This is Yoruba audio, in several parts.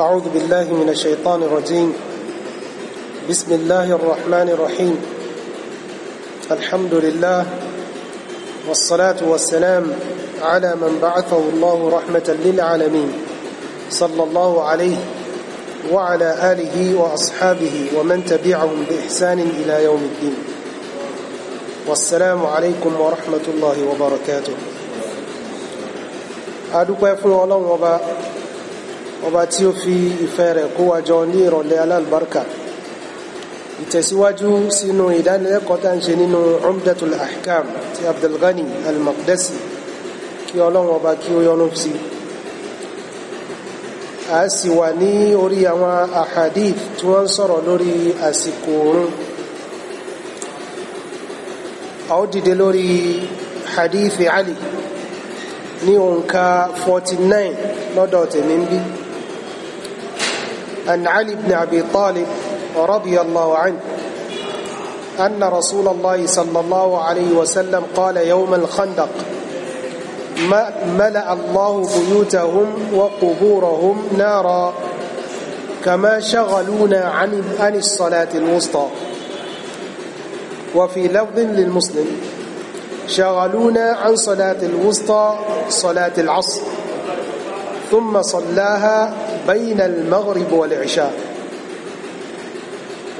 أعوذ بالله من الشيطان الرجيم بسم الله الرحمن الرحيم الحمد لله والصلاة والسلام على من بعثه الله رحمة للعالمين صلى الله عليه وعلى آله وأصحابه ومن تبعهم بإحسان إلى يوم الدين والسلام عليكم ورحمة الله وبركاته أدوكم فلو الله وبركاته ọba tí ó fi ìfẹ́ rẹ̀ kó wa jọ ní ìrọ̀lẹ́ alálùbáríkà ìtẹ̀síwájú sínú ìdánilẹ́kọ̀ọ́ tá ń ṣe nínú umdatul ahkam ti abdulghani al-maqdisi kí ọlọ́run ọba kí ó yọ́nú sí a sì wà ní orí àwọn ahadith tí wọ́n ń sọ̀rọ̀ lórí àsìkò oorun a ó dìde lórí hadith ali ní òǹkà 49 lọ́dọ̀ tèmi ń bí عن علي بن أبي طالب رضي الله عنه أن رسول الله صلى الله عليه وسلم قال يوم الخندق ملأ الله بيوتهم وقبورهم نارا كما شغلونا عن عن الصلاة الوسطى وفي لفظ للمسلم شغلونا عن صلاة الوسطى صلاة العصر ثم صلاها بين المغرب والعشاء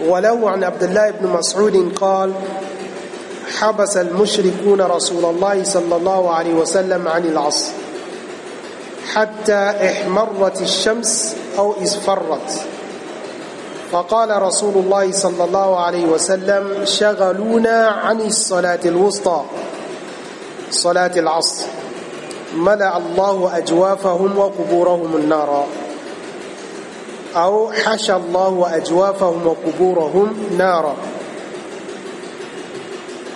وله عن عبد الله بن مسعود قال حبس المشركون رسول الله صلى الله عليه وسلم عن العصر حتى احمرت الشمس أو اصفرت فقال رسول الله صلى الله عليه وسلم شغلونا عن الصلاة الوسطى صلاة العصر ملأ الله أجوافهم وقبورهم النار أو حشى الله أجوافهم وقبورهم نارا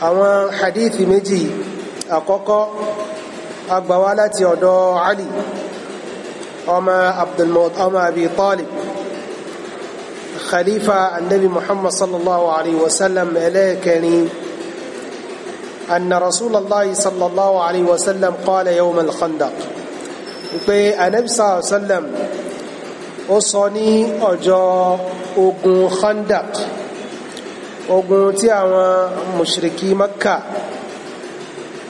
àwọn hadithi méjì àkọ́kọ́ agbawa láti ọ̀dọ̀ Ali ọmọ abdulmọ̀t ọmọ abi talib khalifa annabi muhammad sallallahu alaihi wasallam ẹlẹ́ẹ̀kẹrin anna rasulallahi sallallahu alaihi wasallam qala yawm al-khandaq pé anabi sallallahu alaihi wasallam ó sọ ní ọjọ́ ogun khandak ogun tí àwọn mushriki makka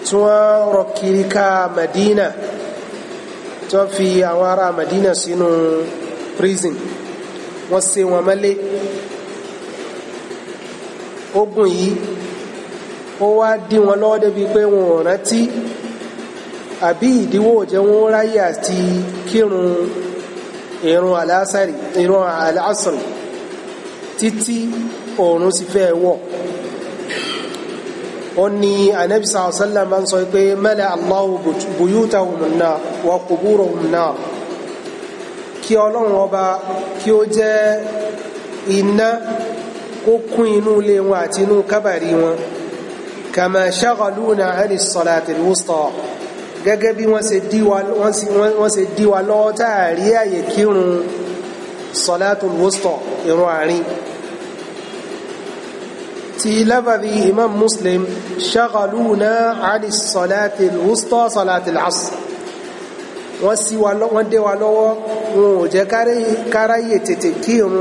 tí wọ́n rọ kiri ká madina tí wọ́n fi àwọn ará madina sínú prison wọ́n ṣe wọn mọ́lé ogun yìí ó wá dí wọn lọ́wọ́ débi pé wọn ò rántí àbí ìdíwọ́ òjẹ́ wọn ráyè àti kírun ìrun alásàrì ìrun alásàrì títí oòrùn sì fẹ́ wọ̀ ó ní anabi sallallahu alaihi wasallam máa ń sọ pé mala Allahu buyutahum an-nar wa quburuhum an-nar kí ọlọ́run ọba kí ó jẹ́ iná kó kún inú ilé wọn àti inú kábàrí wọn kama shaghaluna 'ani as-salati al-wusta gẹ́gẹ́ bí wọ́n ṣe dí wa wọ́n ṣe dí wa lọ́wọ́ tá a rí àyè kírun salatul wusta ìrun àárín ti lábàbí imam muslim shaghaluna ani salatul wusta salatul asr wọ́n sí wa wọ́n dé wa lọ́wọ́ wọn ò jẹ́ káráyè tètè kírun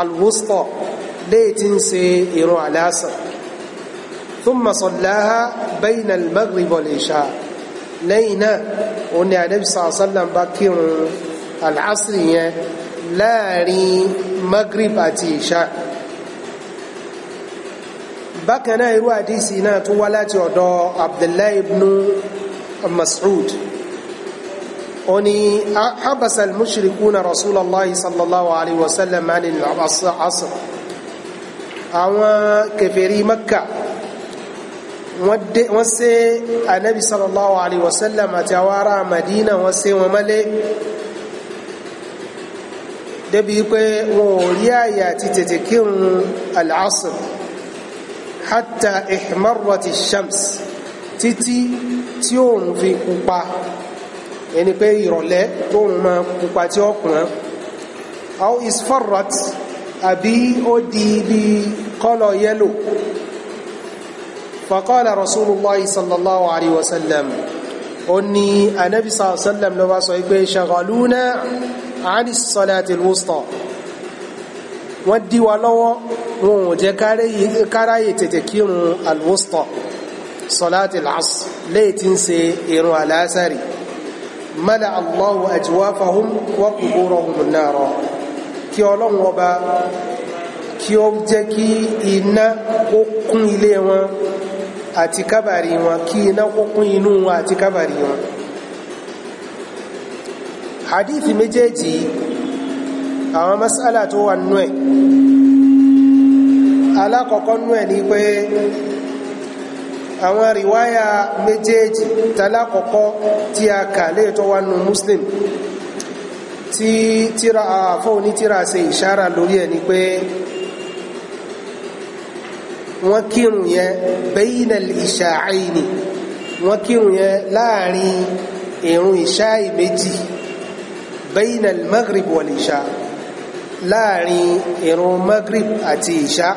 alwusta léè tí ń ṣe ìrun àlásà thumma sallaha bayna al-maghrib lẹ́yìn náà ó ní ànábì sàásàlám bá kírun alásìrì yẹn láàrin magrib àti ìṣá bákan náà irú àdísì náà tó wá láti ọ̀dọ̀ abdullahi ibn mas'ud ó ní habasa al-mushrikuna rasulallah sallallahu alayhi wa sallam anil àwọn kèfèrí makkah wọ́n sé anabi sallallahu alayhi wa sallam àti àwọn ará madina wọ́n sé wọn mọ́lé débi pé wọn ò rí àyè àti tètè kírun al-asr hatta ihmarrati shams títí tí òòrùn fi pupa ẹni pé ìrọ̀lẹ́ tóòrùn máa pupa tí ó kùn án aw isfarrat àbí ó di bí kọ́lọ̀ yẹ́lò فقال رسول الله صلى الله عليه وسلم أني النبي صلى الله عليه وسلم لو صحيبه شغلونا عن الصلاة الوسطى ودي ولو وجكاري تتكير الوسطى صلاة العصر لا تنسي إنو على ساري ملأ الله أجوافهم وقبورهم النار كي أولون وبا كي أبجكي إنا وقن إليه àti kábàrí wọn kí iná kúnkún inú wọn àti kábàrí wọn hadith méjèèjì àwọn masala tó wà nú ẹ̀ alákọ̀ọ́kọ́ nú ẹ̀ ni pé àwọn riwaya méjèèjì talákọ̀ọ́kọ́ tí a kà léètọ́ wà nú muslim tí tíra àfọ́ onítíra ṣe ìṣára lórí ẹ̀ ni pé wọ́n kírun yẹn bainal isha'aini wọ́n kírun yẹn láàrin ìrun ìṣáì méjì bainal maghrib wal isha láàrin ìrun maghrib àti ìṣá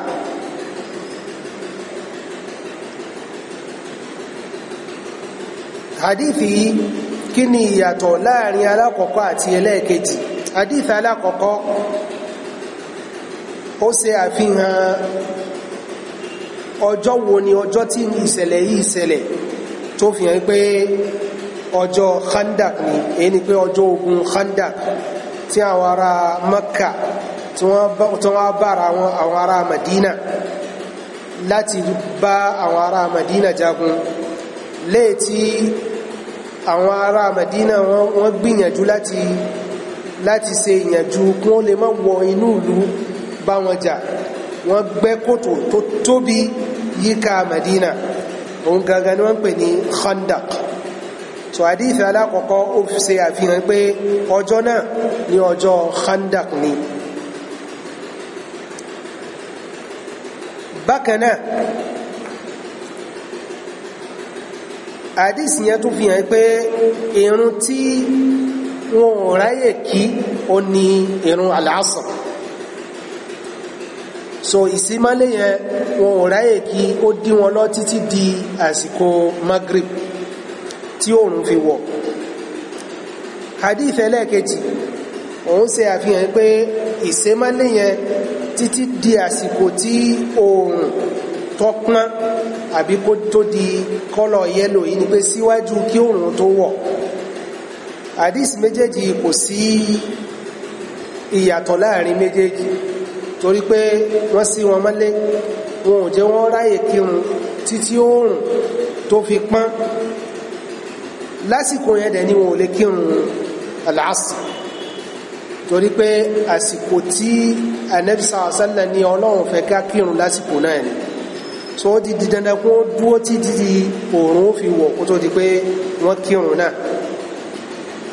hadithi yìí kí ni ìyàtọ̀ láàrin alákọ̀ọ́kọ́ àti ẹlẹ́ẹ̀kejì hadith alákọ̀ọ́kọ́ ó ṣe àfihàn ọjọ́ wo ni ọjọ́ tí ìṣẹ̀lẹ̀ yìí ṣẹlẹ̀ tó fi hàn pé ọjọ́ khandak ni èyí ni pé ọjọ́ ogun khandak tí àwọn ará Makka tí wọ́n bára àwọn ará Madina láti bá àwọn ará Madina jagun léè tí àwọn ará Madina wọ́n gbìyànjú láti láti ṣe ìyànjú kún ó lè má wọ inú ìlú bá wọn jà wọ́n gbẹ́ kòtò tó tóbi tó yíká Madina òun gangan ni wọ́n ń pè ní Khandaq so hadith alákọ̀ọ́kọ́ ó ṣe àfihàn pé ọjọ́ náà ní ọjọ́ Khandaq ni bákanáà hadith yẹn tún fi hàn pé irun tí wọn ò ráyè kí ó ní irun al so ìsímálé yẹn wọn ò ráyè kí ó dí wọn lọ títí di àsìkò magrib tí oòrùn fi wọ̀ hadith ẹlẹ́ẹ̀kejì òun ṣe àfihàn pé ìsímálé yẹn títí di àsìkò tí oòrùn tọ́pọ́n àbí kó tó di kọ́lọ̀ yẹ́lò yìí ni pé síwájú kí oòrùn tó wọ̀ hadith méjèèjì kò sí ìyàtọ̀ láàrin méjèèjì torí pé wọ́n sí wọn mọ́lé wọn ò jẹ́ wọ́n ráyè kírun títí oòrùn tó fi pọ́n lásìkò yẹn dẹ̀ ni wọn ò lè kírun aláàsì torí pé àsìkò tí anẹ́bísà ọ̀sánlẹ̀ ni ọlọ́run fẹ́ ká kírun lásìkò náà ni so ó di dandan kó dúó tí dídi oòrùn ó fi wọ̀ kó tó di pé wọ́n kírun náà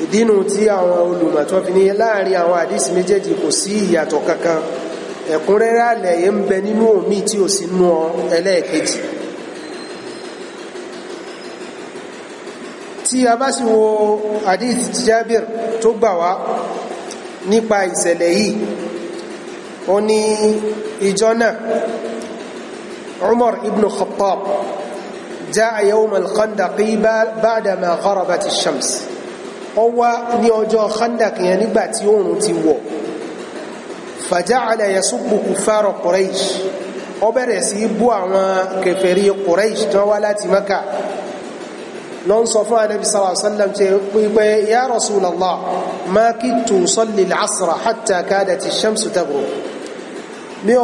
ìdínú tí àwọn olùmọ̀ fi ní láàrin àwọn àdísì méjèèjì kò sí ìyàtọ̀ kankan ẹ̀kúnrẹ́rẹ́ àlẹ̀yẹ ń bẹ nínú omi tí ò sí nú ẹlẹ́ẹ̀kejì tí a bá sì wo hadith Jabir tó gbà wá nípa ìṣẹ̀lẹ̀ yìí ó ní ìjọ náà Umar ibn Khattab jaa yawm al-Khandaqi ba'dama gharabat shams ó ní ọjọ́ Khandaq yẹn nígbà tí oòrùn ti wọ̀ fàjáàlẹ̀ yasubbu kuffara Quraish ó bẹ̀rẹ̀ sí bú àwọn kèfèrí Quraish tó wá láti Mẹ́kà lọ́n sọ fún Ànábì sallallahu alaihi wasallam ṣe pípẹ́ ya Rasulallah ma kittu usalli al-asra hatta kadat ash-shamsu taghrub mi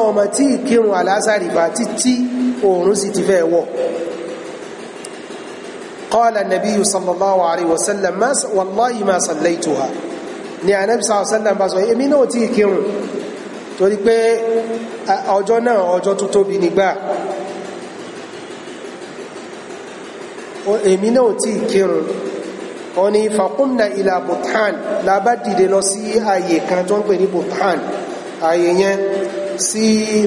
قال النبي صلى الله عليه وسلم ما والله ما صليتها ni anabi sallallahu alaihi wasallam bá sọ èmi náà ti kírun torí pé ọjọ́ náà ọjọ́ tó tóbi nígbà èmi náà tí kírun ó ní fàkúnnà ìlà bhutan lábá dìde lọ sí ààyè kan tó ń pè ní bhutan ààyè yẹn sí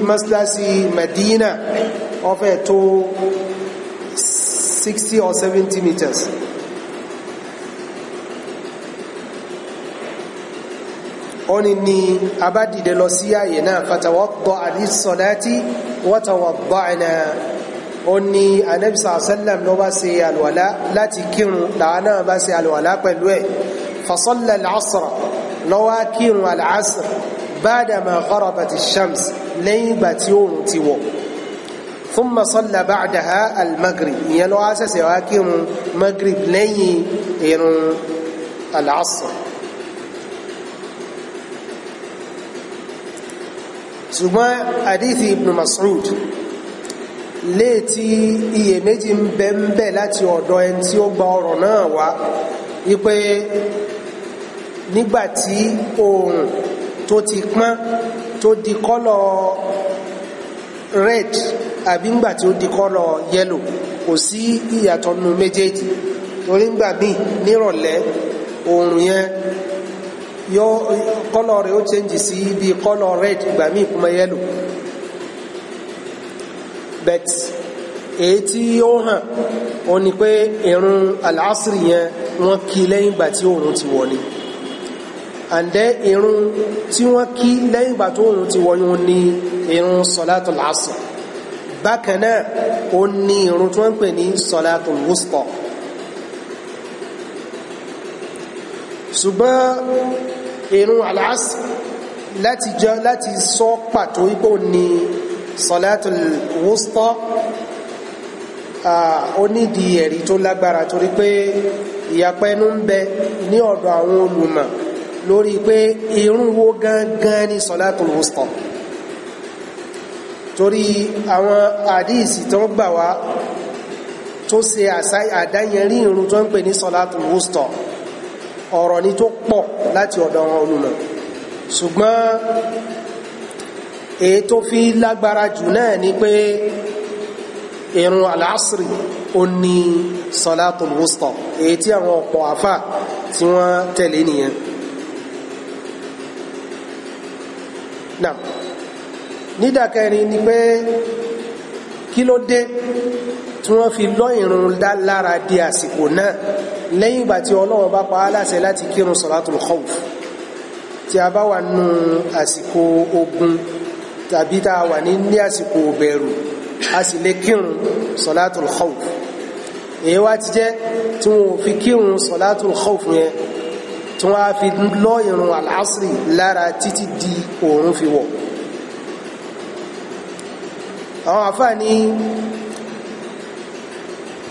mọ́síláṣí Medina ó fẹ́ tó 60 or 70 meters ó ní ní abádìde lọ sí ààyè náà fatawadda'a lis-salati watawadda'na ó ní anabi sàásẹ́lẹ̀m ló bá ṣe àlùwàlá láti kírun làwọn náà bá ṣe àlùwàlá pẹ̀lú ẹ̀ fasalla al lọ́wọ́ kírun al-asr ba'dama gharabati shams lẹ́yìn ìgbà tí oòrùn ti wọ̀ ثم صلى بعدها المغرب يلو اساس يواكم مغرب لين العصر ṣùgbọ́n àdíthì ibn Mas'ud léètí iyèméjì ń bẹ ń bẹ láti ọ̀dọ̀ ẹni tí ó gba ọ̀rọ̀ náà wá wípé nígbàtí oòrùn tó ti pọ́n tó di kọ́lọ̀ red àbí ńgbà tí ó di kọ́lọ̀ yellow kò sí ìyàtọ̀ nínú méjèèjì torí ńgbà míì nírọ̀lẹ́ oòrùn yẹn kọ́lọ̀ rẹ̀ ó change sí bí kọ́lọ̀ red ìgbà míì kó máa yellow bet èyí tí ó hàn ó ní pé irun aláàsìrì yẹn wọ́n kí lẹ́yìn ìgbà tí oòrùn ti wọlé àǹdẹ́ irun tí wọ́n kí lẹ́yìn ìgbà tó oòrùn ti wọlé ní irun sọ́látọ̀ lásìrì bákan náà ó ní irun tí wọ́n ń pè ní sọ́látọ̀ wùsùtọ̀ ṣùgbọ́n irun aláàsì láti jọ láti sọ pàtó ipò ní salatul wusta onídìí ẹ̀rí tó lágbára torí pé ìyapa ẹnu ń bẹ ní ọ̀dọ̀ àwọn olùmọ̀ lórí pé irun wo gangan ni salatul wusta torí àwọn àdíìsì tó ń gbà wá tó ṣe àdáyẹrí irun tó ń pè ní salatul wusta ọ̀rọ̀ ni tó pọ̀ láti ọ̀dọ̀ àwọn olùmọ̀ ṣùgbọ́n èyí tó fi lágbára jù náà ni pé irun aláàsìrì ó ní salatul wusta èyí tí àwọn ọ̀pọ̀ àfà tí wọ́n tẹ̀lé nìyẹn náà nídàkẹrin ni pé kí ló dé tí wọ́n fi lọ́ ìrun lára di àsìkò náà lẹ́yìn ìgbà tí ọlọ́run bá pa á láṣẹ láti kírun salatul khawf tí a bá wà nù àsìkò ogun tàbí tá a wà ní ní àsìkò bẹ̀rù a sì lè kírun salatul khawf èyí wá ti jẹ́ tí wọn fi kírun salatul khawf yẹn tí wọ́n fi lọ́ ìrun al lára títí di òòrùn fi wọ̀ àwọn àfáà ní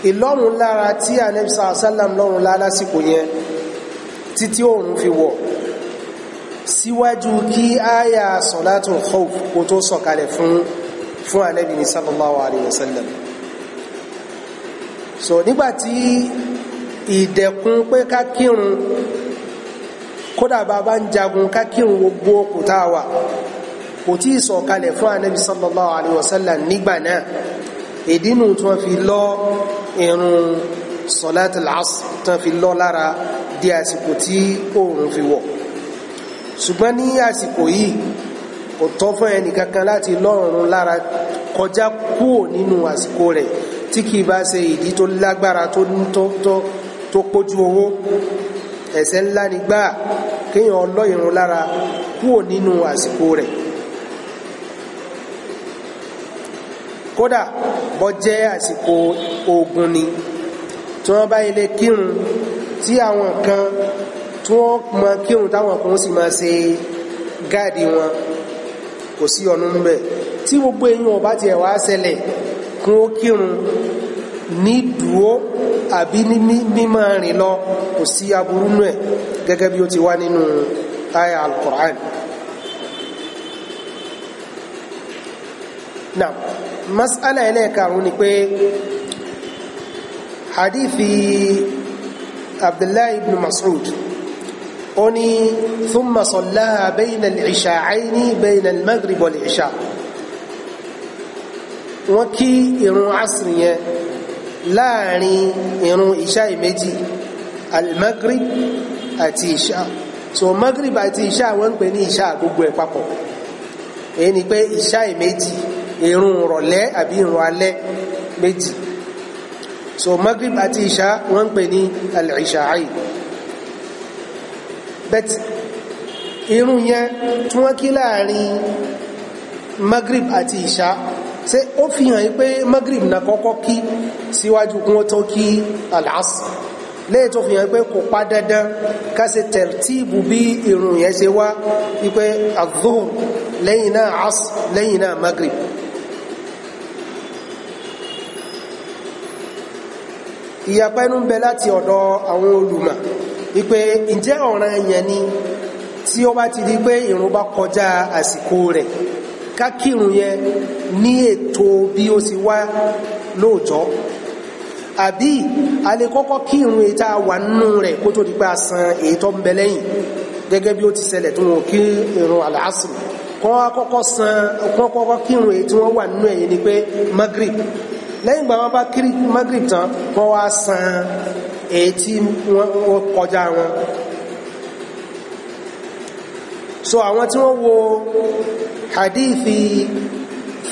ìlọ́run lára tí anẹ́bísà sálàm lọ́run lálásìkò yẹn títí òun fi wọ̀ síwájú kí áyà sọ̀látùl khawf kó tó sọ̀kalẹ̀ fún fún anẹ́bí ní sallallahu alayhi so nígbàtí ìdẹ̀kùn pé ká kírun kódà bá bá ń jagun ká kírun gbogbo òkúta wà kò tí ì sọ̀kalẹ̀ fún anẹ́bí sallallahu alayhi nígbà náà ìdínú tí wọ́n fi lọ irun sọ̀láàtì lásì tí wọ́n fi lọ lára di àsìkò tí oòrùn fi wọ̀ ṣùgbọ́n ní àsìkò yìí kò tọ́ fún ẹnì kankan láti lọ́rùn lára kọjá kúò nínú àsìkò rẹ̀ tí kì í bá ṣe ìdí tó lágbára tó tó pójú owó ẹ̀ṣẹ̀ ńlá ni kéèyàn ọlọ́ irun lára kúò nínú àsìkò rẹ̀ kódà bọ́ jẹ́ àsìkò ogun ni tí wọ́n bá ilé kírun tí àwọn kan tí wọ́n mọ kírun táwọn kan sì máa ṣe gáàdì wọn kò sí ọ̀nà ń bẹ̀ tí gbogbo èèyàn ọba tiẹ̀ wá ṣẹlẹ̀ kún ó kírun ní dúó àbí ní mímọ́ rìn lọ kò sí aburú nù ẹ̀ gẹ́gẹ́ bí ó ti wá nínú aya al-Qur'an náà mas'ala ẹlẹ́ẹ̀karùn ni pé hadithi abdullahi ibn mas'ud ó ní thumma sallaha bayna al-isha'ayni bayna al-maghrib wal-isha wọ́n kí irun asìrì yẹn láàrin irun isha méjì al àti isha so maghrib àti isha wọ́n ń pè ní isha gbogbo ẹ̀ papọ̀ èyí ni pé isha méjì irun rọ̀lẹ́ àbí irun alẹ́ méjì so magrib àti ìṣá wọ́n ń pè ní al-ìṣá'ì bet irun yẹn tí wọ́n kí láàrin magrib àti ìṣá ṣé ó fi hàn yí pé magrib na kọ́kọ́ kí síwájú kún ó tó kí al-asr lẹ́yìn tó fi hàn pé kò pa dandan ká ṣe tẹ̀rtíìbù bí irun yẹn ṣe wá wípé adh lẹ́yìn náà asr lẹ́yìn náà magrib ìyapa ẹnu ń bẹ láti ọ̀dọ̀ àwọn olùmọ̀ wípé ǹjẹ́ ọ̀ràn yẹn ni tí ó bá ti di pé ìrun bá kọjá àsìkò rẹ̀ ká kírun yẹn ní ètò bí ó sì wá lóòjọ́ àbí a lè kọ́kọ́ kírun èyí tá a wà nínú rẹ̀ kó tó di pé a san ń bẹ lẹ́yìn gẹ́gẹ́ bí ó ti ṣẹlẹ̀ tó wọn kí ìrun àlàásì kọ́ kọ́kọ́ kírun èyí tí wọ́n wà nínú ẹ̀yìn ni pé magrib lẹ́yìn ìgbà wọn bá kiri magrib tán wọ́n wá san èyí tí wọ́n kọjá wọn so àwọn tí wọ́n wo hadithi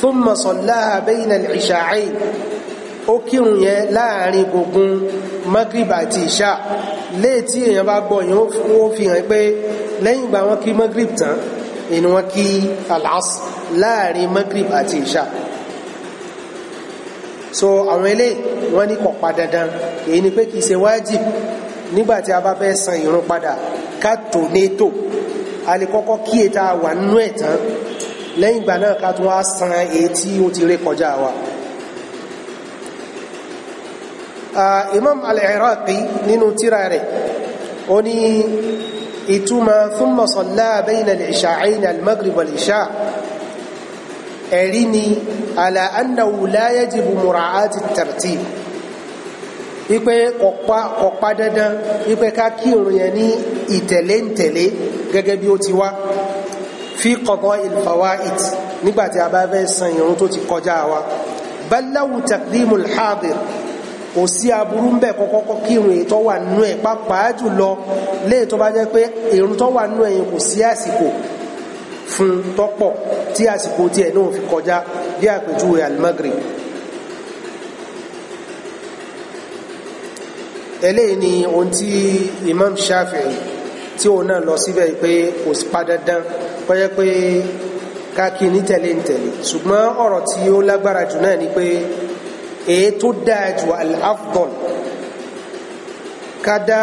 thumma sallaha bayna al-isha'ayn ó kírun yẹn láàrin gbogbo magrib àti ìṣà léètí èèyàn bá gbọ́ yẹn ó fi hàn pé lẹ́yìn ìgbà wọn kí magrib tán ìní wọn kí al láàrin magrib àti ìṣà so àwọn ilé wọ́n ní kò pa dandan èyí ni pé kì í ṣe wájib nígbà tí a bá fẹ́ san ìrun padà ká tò ní tò a lè kọ́kọ́ kí èta wà nínú ẹ̀ tán lẹ́yìn ìgbà náà ká tún wá san èyí tí ó ti ré kọjá wa. Imam al-Iraqi nínú tírà rẹ̀ ó ní ìtumọ̀ thumma salla bayna al-isha'ayn ẹ̀rí ni àlà annahu la yajibu mura'ati tartib wípé kọ̀pá kọ̀pá dandan wípé ká kí òrùn yẹn ní ìtẹ̀lé ìtẹ̀lé gẹ́gẹ́ bí ó ti wá fi qada'il fawaid nígbàtí a bá fẹ́ san ìrun tó ti kọjá wa bal lahu taqdimul fún tọ́pọ̀ tí àsìkò tiẹ̀ náà fi kọjá bí àpèjúwe al-Maghrib eléyìí ni ohun tí Imam Shafi'i tí òun náà lọ síbẹ̀ pé kò sí padàdán pẹ́yẹ́ pé káàkiri ní tẹ̀lé ń tẹ̀lé ṣùgbọ́n ọ̀rọ̀ tí ó lágbára jù náà ni pé èyí tó dáa jù al ká dá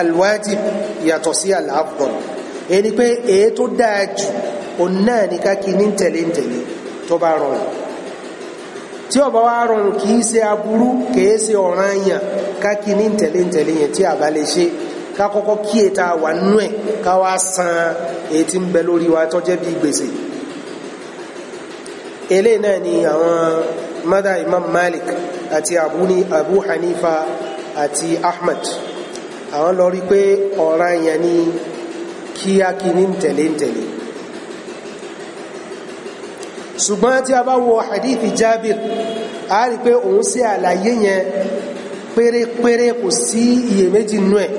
al yàtọ̀ sí al èyí ni pé èyí tó dáa jù òun náà ní káàkiri ní tẹ̀lé ń tẹ̀lé tó bá rọrùn tí ó bá wá rọrùn kì í ṣe aburú kìí ṣe ọ̀ràn yàn káàkiri ní tẹ̀lé ń tẹ̀lé yẹn tí a bá lè ṣe ká kọ́kọ́ kí èta wà nú ẹ̀ ká wá san èyí tí ń bẹ lórí wa tọ́jẹ́ bí gbèsè eléyìí náà ni àwọn mada Imam Malik àti Abu Abu Hanifa àti Ahmed àwọn lọ rí pé ọ̀ràn yẹn ni kíákí ní tẹ̀lé ń ṣùgbọ́n tí a bá wo hadithi Jabir a rí pé òun ṣe àlàyé yẹn pérépéré kò sí iyèméjì nú ẹ̀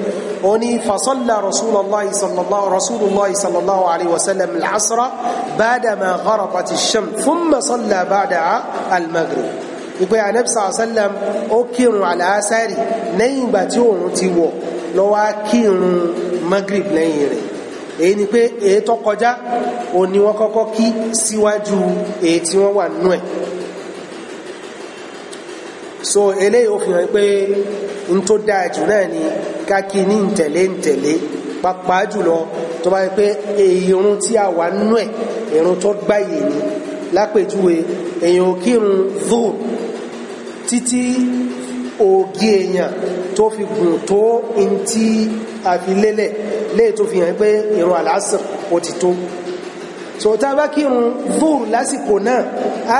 ó ní fasalla rasulullahi sallallahu rasulullahi sallallahu alaihi wasallam al-asra ba'da ma gharabati ash-shams thumma salla ba'da al-maghrib ìpé anẹ́bísà sallam ó kírun àlàásárì lẹ́yìn ìgbà tí òun ti wọ̀ ló kírun maghrib lẹ́yìn rẹ̀ èyí ni pé èyí tó kọjá ò ní wọ́n kọ́kọ́ kí síwájú èyí tí wọ́n wà nú ẹ̀ so eléyìí ó fi hàn pé n tó dáa jù náà ni ká kí ní ntẹ̀lé ntẹ̀lé pàápàá jùlọ tó bá yẹ pé irun tí a wà nú ẹ̀ irun tó gbáyè ni lápèjúwe èyàn ò kírun zuhur títí ògì èèyàn tó fi gùn tó ntí àfilélẹ̀ léè tó fi hàn pé ìrun àlásìr ó ti tó so tá a bá kí irun zúùrù lásìkò náà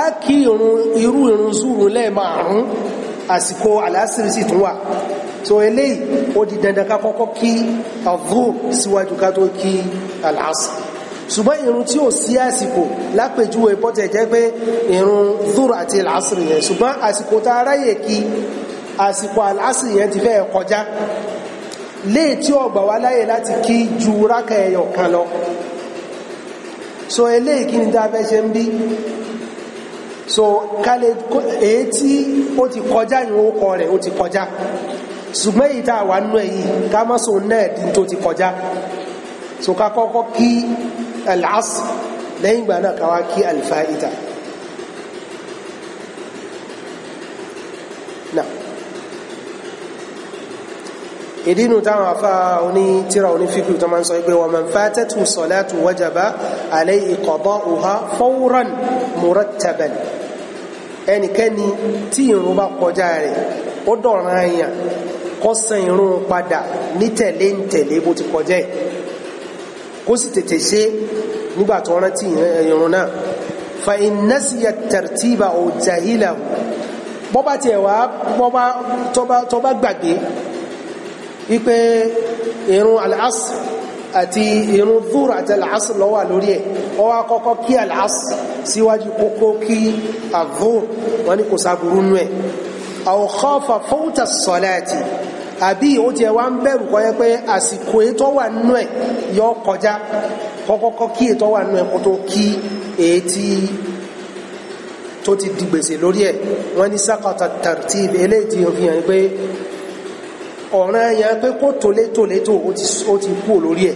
á kí irun irú irun zúùrù lẹ́ẹ̀márùn àsìkò àlásìr sì tún wà so eléyìí ó di dandan ká kọ́kọ́ kí azúùrù síwájú ká tó kí àlásìr ṣùgbọ́n irun tí ò sí àsìkò lápèjúwe bọ́tẹ̀ jẹ́ pé irun zúùrù àti àlásìr yẹn ṣùgbọ́n àsìkò tá a kí àsìkò àlásìr yẹn ti fẹ́ kọjá léè tí ọgbà wá láyè láti kí ju rákà ẹyọ kan lọ so eléyìí kí ni tá ṣe ń bí so kálẹ̀ èyí tí ó ti kọjá ìwọ̀n ó kọ rẹ̀ ó ti kọjá ṣùgbọ́n èyí tá wà nínú èyí ká má so náà di tó ti kọjá so ká kọ́kọ́ kí al lẹ́yìn ìgbà náà ká kí al-fa'ita. ìdí inú táwọn afá oní tíra oní fíkù tó máa ń sọ pé wa man fatatu salatu wajaba alayhi qada'uha fawran murattaban ẹnikẹ́ni tí ìrun bá kọjá rẹ̀ ó dọ̀ràn àyàn kó san ìrun padà ní tẹ̀lé ń tẹ̀lé bó ti kọjá ẹ̀ kó sì tètè ṣe nígbà tó rántí ìrun náà fa innasiya tartiba aw bọ́bá tiẹ̀ wá bọ́bá tọ́bá gbàgbé wípé irun al-asr àti irun dhur àti al-asr ló wà lórí ẹ̀ ó wá kọ́kọ́ kí al-asr síwájú kókó kí adh-dhur wọ́n ní kò sáburú nú ẹ̀ aw khafa fawta as-salati àbí ó ti ẹ̀ wá ń bẹ̀rù kọ́ yẹ pé àsìkò ètò wà nú ẹ̀ yọ kọjá kọ́kọ́kọ́ kí ètò wà nú ẹ̀ kó tó kí ètí tó ti di lórí ẹ̀ wọ́n ní saqata tartib eléyìí ti pé ọ̀ràn yẹn pé kó tòlé tòlé tó ó ti kú lórí ẹ̀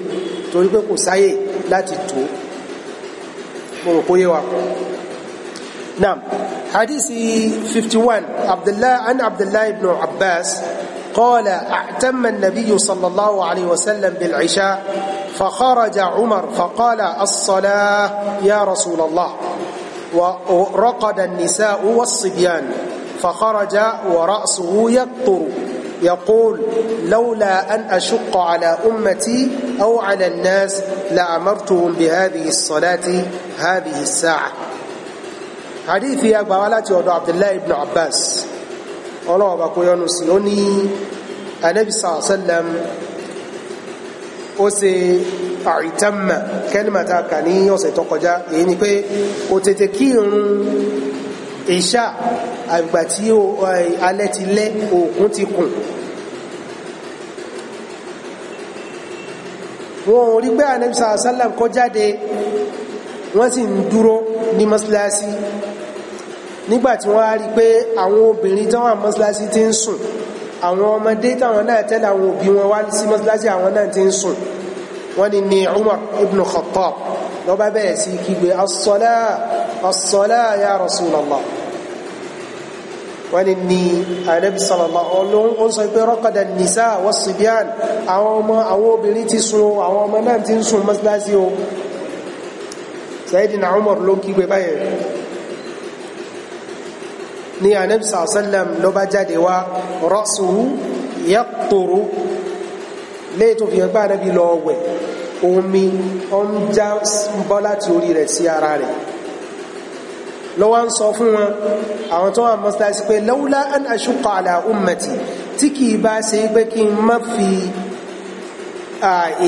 torí pé kò sáyè láti tó mo rò kó yé wa. نعم حديث 51 عبد الله عن عبد الله بن عباس قال اعتم النبي صلى الله عليه وسلم بالعشاء فخرج عمر فقال الصلاة يا رسول الله ورقد النساء والصبيان فخرج ورأسه يقطر يقول لولا أن أشق على أمتي أو على الناس لأمرتهم بهذه الصلاة هذه الساعة حديثي أقبالات يوضع عبد الله بن عباس الله أبقى ينسيوني النبي صلى الله عليه وسلم ó ṣe àìtẹ́mà kẹ́lìmọ̀ta kà ní ọ̀sẹ̀ èyí ni pé ó tètè ìṣá àgbà tí alẹ́ ti lẹ́ òkun ti kùn wọn ò rí pé ànábì sàásálàm kó jáde wọ́n sì ń dúró ní mọ́síláṣí nígbàtí wọ́n á rí pé àwọn obìnrin tán wà mọ́síláṣí ti ń sùn àwọn ọmọdé táwọn náà tẹ́lẹ̀ àwọn òbí wọn wá sí mọ́síláṣí àwọn náà ti ń sùn wọ́n ní ní Umar ibn Khattab ló bá bẹ̀rẹ̀ sí kígbe as-salah ya Rasulallah wọ́n ni ní ànábì sallallahu ọlọ́run sọ pé rọ́kọ̀dà nìsá wọ́sibíàn àwọn ọmọ àwọn obìnrin ti sun àwọn ọmọ náà ti ń sun mọ́síláṣí o Sayyidina Umar ló kígbe báyẹn ní ànábì sallam ló bá jáde wá rọ́sùrú yàtòrò léètò fi hàn pé lọ wẹ̀ omi ọ ń bọ́ láti orí rẹ̀ sí ara rẹ̀ lọ́wọ́ ń sọ fún wọn àwọn tó wà mọ́sálásí pé lawla an ashqa ala ummati tí kì í bá ṣe pé kí n má fi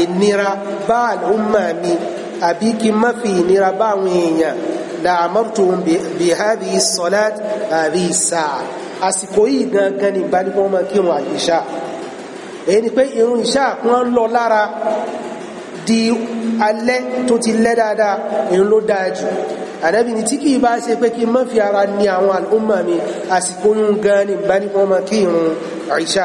ìnira bá àlùmà mi àbí kí n má fi ìnira bá àwọn èèyàn la amartuhum bi hadhihi salat hadhihi àsìkò yìí gangan ní ìbánikọ́ máa kírun àyíṣà èyí ni pé irun ìṣà kún lọ lára di alẹ́ tó ti lẹ́ dáadáa èyí ló dáa jù ànábì ni tí kìí bá ṣe pé kí n má fi ara ní àwọn àlùmọ̀ mi àsìkò yún gan ni bá ní wọ́n máa kí irun àìṣà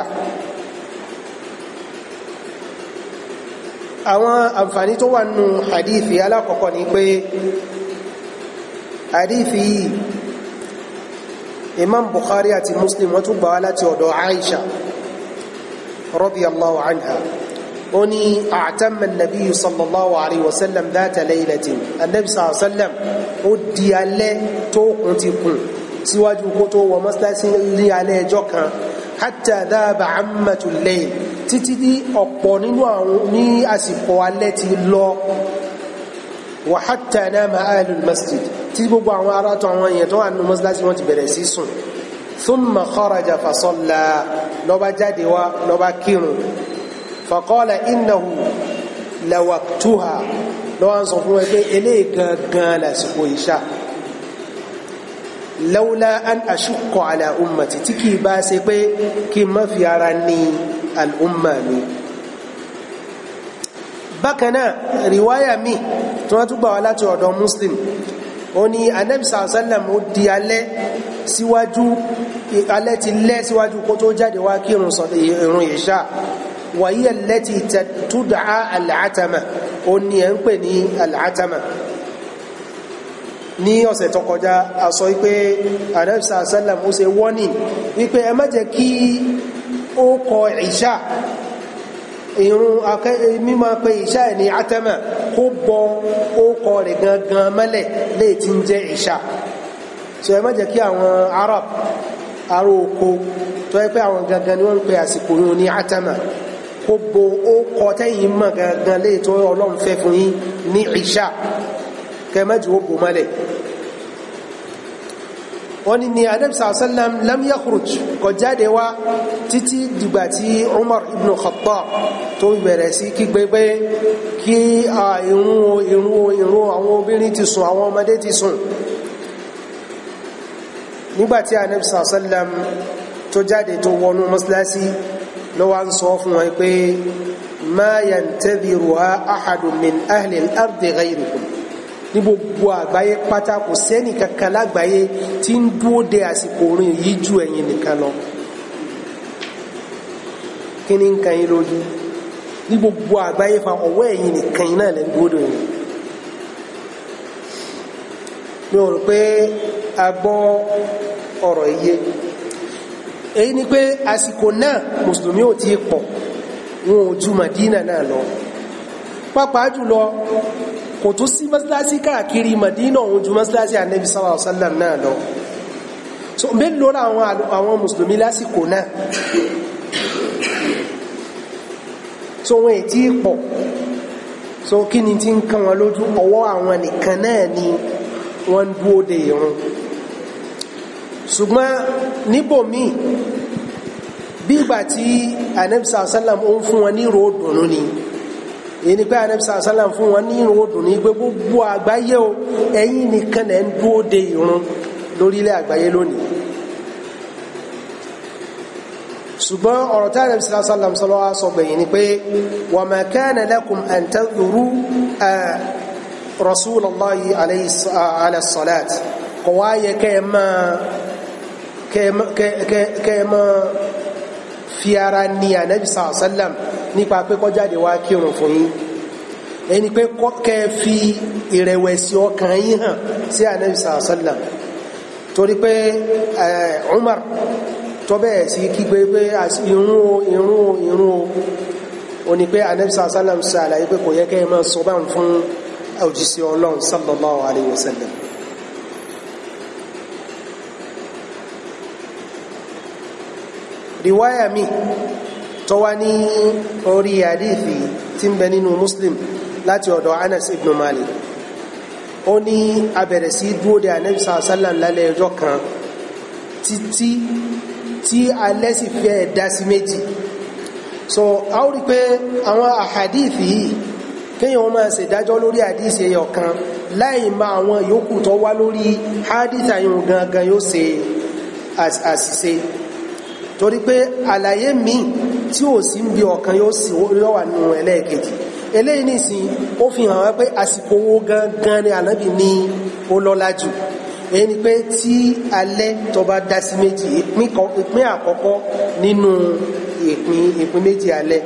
àwọn àǹfààní tó wà nù hadithi alákọ̀ọ́kọ́ ni pé hadithi yìí imam Bukhari àti Muslim wọ́n tún gbà wá láti ọ̀dọ̀ Aisha radiyallahu anha ó ní àtàmà nàbí sallallahu alayhi wa sallam dáta laylatin anabi sallallahu alayhi wa sallam ó di alẹ́ tó kún ti kún síwájú kó tó wọ mọ́sálásí ní alẹ́ ẹjọ́ kan hatta dáàbà ammatul layl títí ní ọ̀pọ̀ nínú àwọn ní àsìkò alẹ́ ti lọ wa hatta nama ahlul masjid tí gbogbo àwọn ará tó àwọn èèyàn tó wà nínú mọ́sálásí wọ́n ti bẹ̀rẹ̀ sí sùn thumma kharaja fasalla ló bá jáde wá fàkọ́lá ìnáwó lẹ́wàtúhà lọ́wọ́ sọ fún wọn pé eléyìí gangan lásìkò ìṣá lọ́wọ́lá an àṣùkọ̀ àlà ummati tí kìí bá ṣe pé kí n má fi ara ní al'umma mi bákan náà riwaya mi tí wọ́n tún gbà wá láti ọ̀dọ̀ muslim ó ní anẹ́bìsà ó di alẹ́ síwájú alẹ́ ti lẹ́ síwájú kó tó jáde wá kírun ìrun ìṣá wàyí ẹlẹ́tì tud'a al-atama ó ní ẹ̀ ń pè ní al-atama ní ọ̀sẹ̀ tó kọjá a sọ wípé anabisa sallam ó ṣe wọ́nì wípé ẹ má kí ó kọ ìṣà irun mímọ pé ìṣà ẹ̀ ní atama kó bọ ó kọ rẹ̀ gangan mọ́lẹ̀ léè ti ń jẹ́ ìṣà so ẹ má kí àwọn Arab ará oko tó yẹ pé àwọn gangan ni wọ́n ń pe àsìkò ní atama kó bo ó kọ tẹ́yìn mọ̀ gangan lè tó ọlọ́run fẹ́ fún yín ní ìṣà kẹmẹ́jì ó bò mọ́lẹ̀ wọ́n ni ni adébísà sallam lam yakhruj kọ jáde wá títí dìgbà tí Umar ibn Khattab tó bẹ̀rẹ̀ sí kígbe pé kí ìrun ìrun ìrun àwọn obìnrin ti sùn àwọn ọmọdé ti sùn nígbàtí adébísà sallam tó jáde tó wọnú mọ́sálásí ló wá ń sọ fún wọn pé ma yantadhiruha ahadun min ahli al-ardi ghayrukum ní gbogbo àgbáyé pátá kò sẹ́ni kankan lágbáyé tí ń dúó de àsìkò orin yìí ju ẹ̀yin nìkan lọ kí ni nǹkan yín lójú ní gbogbo àgbáyé fa ọwọ́ ẹ̀yin nìkan yín náà lẹ́ dúó de òun mi ò rò pé a gbọ́ ọ̀rọ̀ iye èyí ni pé àsìkò náà mùsùlùmí ò ti pọ̀ wọn ò ju Madina náà lọ pàápàá jùlọ kò tún sí mọ́sálásí káàkiri Madina òun ju mọ́sálásí anabi sallallahu alaihi wasallam náà lọ so mélòó làwọn àwọn mùsùlùmí lásìkò náà so wọn èyí ti pọ̀ so kí ni ti ń kàn wọn lójú ọwọ́ àwọn nìkan náà ni wọ́n ń dúró de ìrun ṣùgbọ́n níbòmíì bí ìgbà tí anabisa asalam ó ń fún wọn ní ìró dùnú ni èyí ni pé anabisa asalam fún wọn ní ìró dùnú ni pé gbogbo àgbáyé o ẹ̀yin nìkan lẹ ń dúró de ìrun lórílẹ̀ àgbáyé lónìí ṣùgbọ́n ọ̀rọ̀ tí anabisa asalam sọlọ́ wa sọ gbẹ̀yìn ni pé wa ma kana lakum an tadhuru rasulallahi ala salat kọ̀wá yẹ kẹ́ máa fi ara ní ànábì sàásálàm nípa pé kó jáde wá kírun fún yín ẹni pé kẹ́ fi ìrẹ̀wẹ̀sì ọkàn yín hàn sí ànábì sàásálàm torí pé Umar tó bẹ́ẹ̀ sí kígbe pé irun o irun o irun o ó ní pé ànábì sàásálàm riwaya mi tó wá ní orí hadithi tí ń bẹ nínú muslim láti ọ̀dọ̀ anas ibn malik ó ní abẹ̀rẹ̀ sí dúró de anabi sallam lálẹ́ ọjọ́ kan títí tí alẹ́ sì fẹ́ dá sí méjì so a ó rí pé àwọn àhàdíìfì yìí kéèyàn máa ṣèdájọ́ lórí àdíìsì ẹyọ kan láì ma àwọn yòókù tó wá lórí àdíìsì àyùn gangan yóò ṣe àṣìṣe torí pé àlàyé míì tí ò sí ń bí ọ̀kan yóò sì yóò wà nínú ẹlẹ́ẹ̀kejì eléyìí nìsín ó fi hàn wá pé àsìkò owó gangan ni ànábì ní ó lọ́lá jù èyí ni pé tí alẹ́ tó bá dá sí méjì ìpín àkọ́kọ́ nínú ìpín méjì alẹ́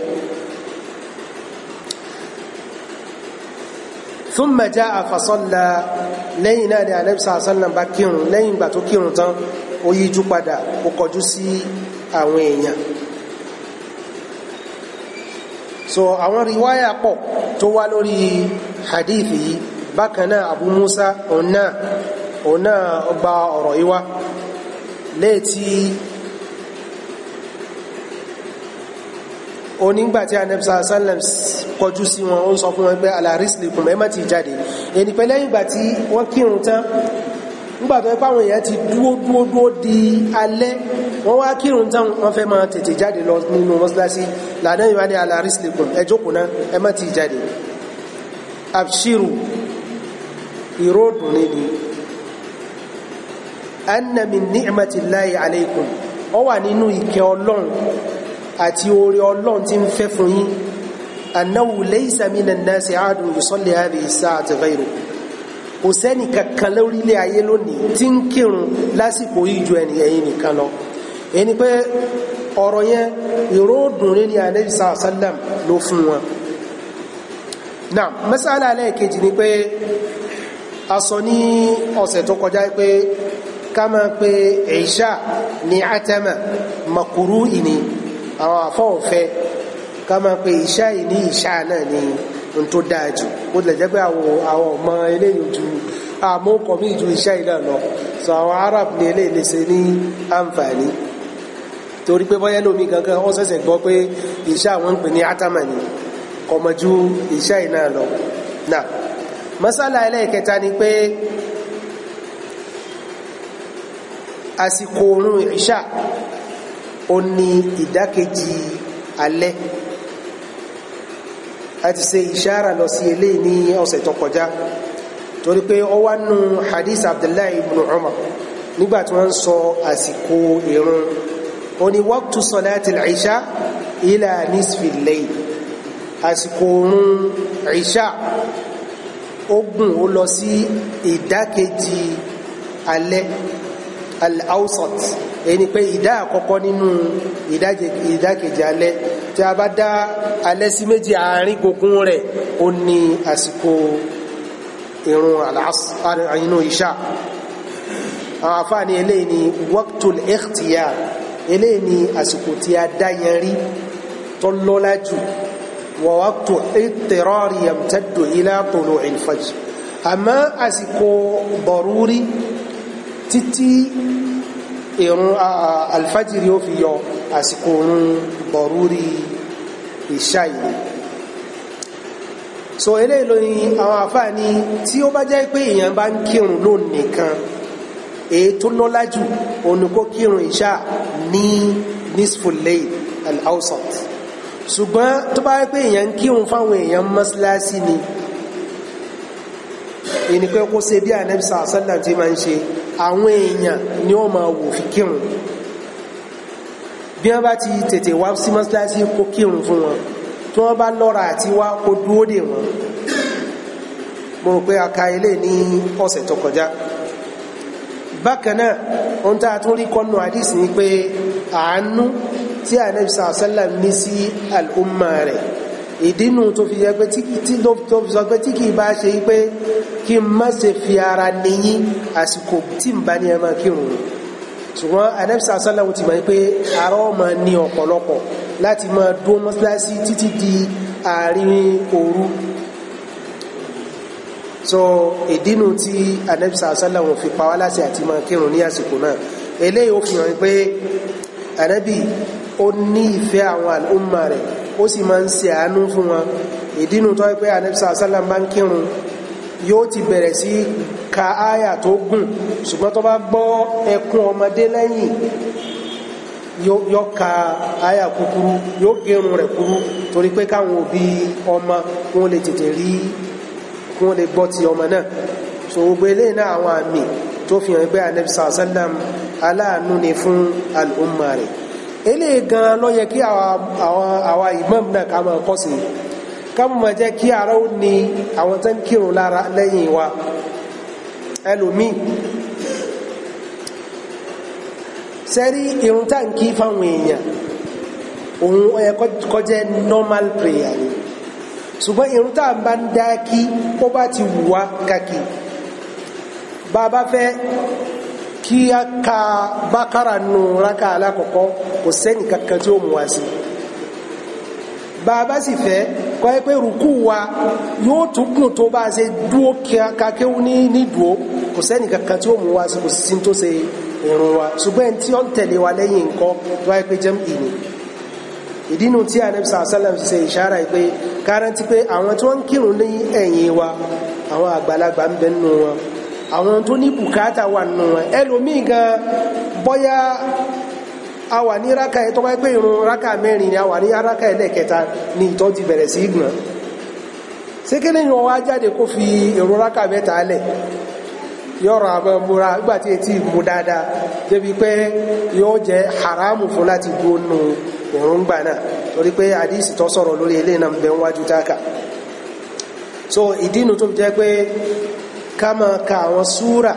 ثم جاء فصلى lẹ́yìn náà ni ànábì sallallahu bá kírun lẹ́yìn ìgbà tó kírun tán ó yíjú padà ó kọjú sí àwọn èèyàn so àwọn riwaya pọ̀ tó wá lórí hadithi yìí bákan náà abu musa òun náà òun náà gba ọ̀rọ̀ yìí wá léètí onígbàtí anabisa sallam kọjú sí wọn ó sọ fún wọn pé alarisilikum ẹ ti jáde ẹni pé tí wọ́n kírun tán nígbà tó pàwọn èèyàn ti dúó dúó dúó di alẹ́ wọ́n wá kírun tán wọ́n fẹ́ máa tètè jáde lọ nínú mọ́sálásí lànà ìwádìí alarislikun ẹ jókòó náà ẹ má ti jáde abshiru ìròdùn níbi anna min ni'matillahi alaykum ó wà nínú ìkẹ́ ọlọ́run àti oore ọlọ́run tí kò sẹ́ni kankan lórílẹ̀ ayé lónìí tí ń kírun lásìkò ìjọ ẹni ẹ̀yìn nìkan lọ ẹni pé ọ̀rọ̀ yẹn ìró dùnrí ni Ànábì sàásálàm ló fún wọn náà mẹ́sàálà lẹ́ẹ̀kejì ni pé a sọ ní ọ̀sẹ̀ tó kọjá pé ká máa pe Ìṣà ní àtẹ́mà makuru ìní àwọn àfọ́ òfẹ́ ká máa pe Ìṣà ìní Ìṣà náà ní n tó dáa jù ó tilẹ̀ jẹ́ pé àwọn ọmọ eléyìí ju àmókọ̀ mí ju iṣẹ́ iná lọ sọ àwọn Arab ní eléyìí lè ṣe ní àǹfààní torí pé bọ́yá lómi gangan ó ṣẹ̀ṣẹ̀ gbọ́ pé iṣẹ́ àwọn ń pè ní atamani kọmọ ju iṣẹ́ iná lọ náà masala ẹlẹ́ẹ̀kẹta ni pé àsìkò oorun ìṣà ó ní ìdákejì alẹ́ a ti ṣe ìṣára lọ sí eléyìí ní ọ̀sẹ̀ tó kọjá torí pé ó wá nù hadith abdullahi ibn umar nígbà tí wọ́n ń sọ àsìkò ìrun ó ní waqtu salati al-isha ila nisfi al-layl àsìkò ìrun isha ó gùn ó lọ sí ìdákejì alẹ́ al-awsat èyí pé ìdá àkọ́kọ́ nínú ìdákejì alẹ́ tí a bá dá alẹ́ sí méjì àárín gbogun rẹ̀ ó ní àsìkò irun àyínú ìṣá àwọn àfáàní eléyìí ni waqtul ikhtiyar eléyìí ni àsìkò tí a dá yẹn rí tó lọ́lá jù wa waqtu ittirari yamtaddu ila tulu'il àmọ́ àsìkò bọ̀rúrí títí ìrun alfajiri ó fi yọ àsìkò òun bọ̀rúrí ìṣá yìí so eléyìí ló ní àwọn àfáàní tí ó bá jẹ́ pé èèyàn bá ń kírun ló nìkan èyí tó lọ́lá jù òun ni kó kírun ìṣá ní nisful layl al-awsat ṣùgbọ́n tó bá jẹ́ pé èèyàn ń kírun fáwọn èèyàn mọ́sálásí ni ẹni pé kó ṣe bí ànábì sàásánlá ti máa ń ṣe àwọn èèyàn ni wọ́n máa wò fi kírun bí wọ́n bá ti tètè wá sí mọ́sálásí kó kírun fún wọn tí wọ́n bá lọ́ra àti wá kó dúró dè wọ́n mo rò pé a ilé ní ọ̀sẹ̀ tó kọjá bákan náà ohun tá a tún rí kọ́nù àdìsí ni pé àánú tí ànábì sàásánlá ní sí àlùmọ́ rẹ̀ ìdínú tó fi yẹ pé tí tó fi sọ pé tí kì í bá ṣe pé kí n má ṣe fi ara nìyín àsìkò tí n bá ní ẹ máa kírun ṣùgbọ́n anẹ́bísà sálàmù ti mọ̀ pé ara ọmọ ní ọ̀pọ̀lọpọ̀ láti máa dúró mọ́sálásí títí di àárín òru so ìdínú tí anẹ́bísà sálàmù fi pa wá láṣẹ àti máa kírun ní àsìkò náà eléyìí ó fi hàn pé anẹ́bí ó ní ìfẹ́ àwọn àlùmà rẹ̀ ó sì máa ń ṣe àánú fún wọn ìdínú tó pé anẹ́bísà sálàm bá ń kírun yóò ti bẹ̀rẹ̀ sí ka áyà tó gùn ṣùgbọ́n tó bá gbọ́ ẹkún ọmọdé lẹ́yìn yóò ka áyà kúkúrú yóò gẹrun rẹ̀ kúrú torí pé káwọn òbí ọmọ wọn lè tètè rí wọn lè gbọ́ ti ọmọ náà so gbogbo eléyìí náà àwọn àmì tó fi hàn pé anẹ́bísà sálàm aláàánú ni fún àlùmà rẹ̀ ele gan ló yẹ kí àwa imam náà ká máa kọ́ sí ká máa jẹ́ kí ara ó ní àwọn tó ń kírun lára lẹ́yìn wa ẹlòmíì sẹ́rí irun táǹkì fáwọn èèyàn òun ó yẹ normal prayer ni ṣùgbọ́n irun tá à ń bá ń dá kí ó bá ti wù wá kàkì bá a bá fẹ́ kí a ka bákàrà nù rákà alákọ̀ọ́kọ́ kò sẹ́ni kankan tí ó mú wa sí bàbá sì fẹ́ kọ́ ẹ pé rùkú wa yóò tún kùn tó bá ṣe dúó kakéwú ní nídùó kò sẹ́ni kankan tí ó mú wa sí kò sí tó ṣe ìrun wa ṣùgbọ́n tí ó ń tẹ̀lé wa lẹ́yìn nǹkan tó wáyé pé jẹ́m àwọn tó ní bùkátà wà nù ẹlòmí gan bọ́yá a wà ní rákà ẹ̀ tó wáyé pé irun rákà mẹ́rin ni a wà ní rákà ẹlẹ́kẹta ni ìtọ́ ti bẹ̀rẹ̀ sí gbọ̀n ṣé kí lẹ́yìn ọwọ́ kó fi irun mẹ́ta lẹ̀ àwọn gbàtí mú dáadáa pé jẹ́ haramu fún láti gbónú náà torí pé kama máa ka àwọn súrà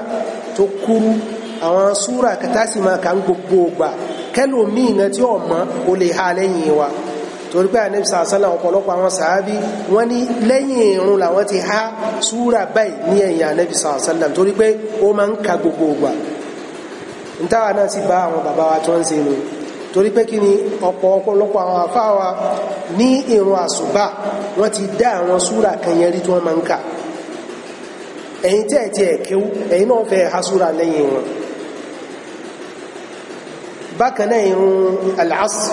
tó kúrú àwọn súrà kàtà sì máa ka ń gbogbo ògbà kẹlòmíì náà tí ọmọ o lè ha lẹ́yìn wa torí pé àníbi sàásánlá ọ̀pọ̀lọpọ̀ àwọn sàábí wọ́n ní lẹ́yìn irun làwọn ti há súrà báyìí ní ẹ̀yìn àníbi sàásánlá torí pé ó máa ń ka gbogbo ògbà ntáwa náà sì bá àwọn bàbá wa tó ń ṣe nù torí pé kí ni ọ̀pọ̀ ọ̀pọ̀lọpọ̀ àwọn àfáà wa ní irun àsùbà wọ́n ti dá àwọn súrà kan tí wọ́n máa ń kà ẹ̀yin tẹ́ ẹ̀ tí ẹ̀ kíw ẹ̀yin náà fẹ́ hasúra lẹ́yìn wọn bákan náà irun al-asr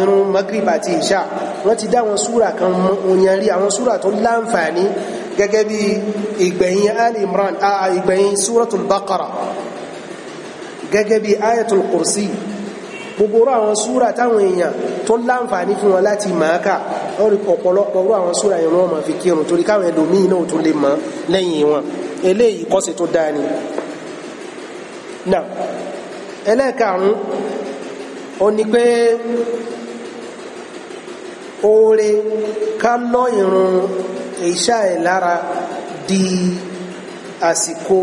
irun magrib àti isha wọ́n ti dá àwọn súra kan òyìnrí àwọn súra tó láǹfààní gẹ́gẹ́ bí ìgbẹ̀yìn al-imran ìgbẹ̀yìn súratul baqara gẹ́gẹ́ bí ayatul kursi gbogbo orú àwọn súra táwọn èèyàn tó láǹfààní fún wọn láti màáka ọ̀pọ̀lọpọ̀ orú àwọn súra yẹn wọ́n fi kírun torí káwọn ẹlòmíì náà tún lè mọ̀ lẹ́yìn wọn eléyìí kọ́sí tó dáa ni náà ẹlẹ́ẹ̀karùn-ún ó ní pé oore ká lọ ìrun ìṣá ẹ̀ lára di àsìkò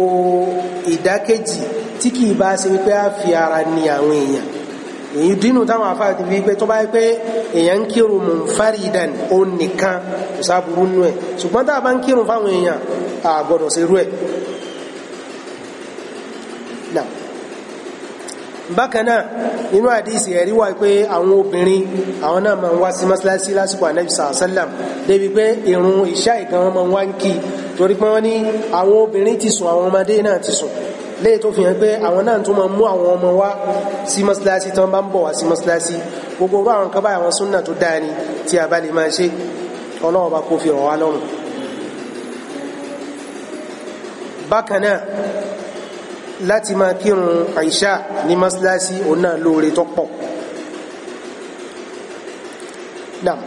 ìdákejì tí kì í bá ṣe wípé a fi ara ni àwọn èèyàn èyí dínú táwọn afáàdì wípé tó bá yẹ pé èèyàn ń kírun mùnfàrídàn ó nìkan kò nù ẹ̀ ṣùgbọ́n tá a bá ń kírun fáwọn èèyàn a gbọ́dọ̀ ṣe irú ẹ̀ náà bákanáà nínú àdísì ẹ̀rí wà pé àwọn obìnrin àwọn náà máa ń wá sí mọ́sálásí lásìkò ànábì sàásálàm débi pé ìrun ìṣá ìkan wọn máa ń wá ń kí torí pé wọ́n ní àwọn obìnrin ti sùn àwọn ọmọdé náà ti sùn léè tó fi hàn pé àwọn náà tún máa mú àwọn ọmọ wá sí mọ́sálásí tán bá ń bọ̀ wá sí mọ́sálásí gbogbo àwọn kan báyìí tó dáa ni tí a bá lè máa ṣe ọlọ́wọ́ bá kó fi hàn wá lọ́rùn bákan náà láti máa kírun àìṣà ní mọ́sálásí òun lóore tó pọ̀ نعم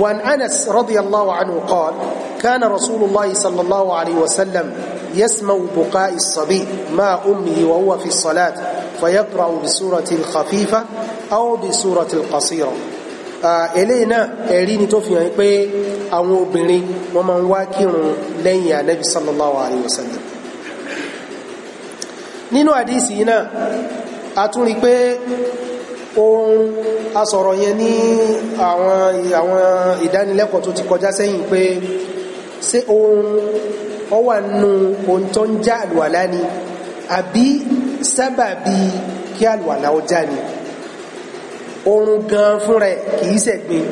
وعن أنس رضي الله عنه قال كان رسول الله صلى الله عليه وسلم يسمع بكاء الصبي مع أمه وهو في الصلاة فيقرأ بسورة الخفيفة أو بسورة القصيرة eléyìí náà ẹ̀rí ni tó fi hàn pé àwọn obìnrin wọ́n máa ń wá kírun lẹ́yìn ànábì sallallahu alayhi wa sallam nínú àdísì yìí náà a tún rí pé oorun asọ̀rọ̀ yẹn ní àwọn àwọn ìdánilẹ́kọ̀ọ́ tó ti kọjá sẹ́yìn pé ṣé oorun ọ nù ohun tó ń já àlùwàlá ni àbí sábàbí kí àlùwàlá ó já ni oorun gan fún rẹ̀ kìí ṣẹ̀gbin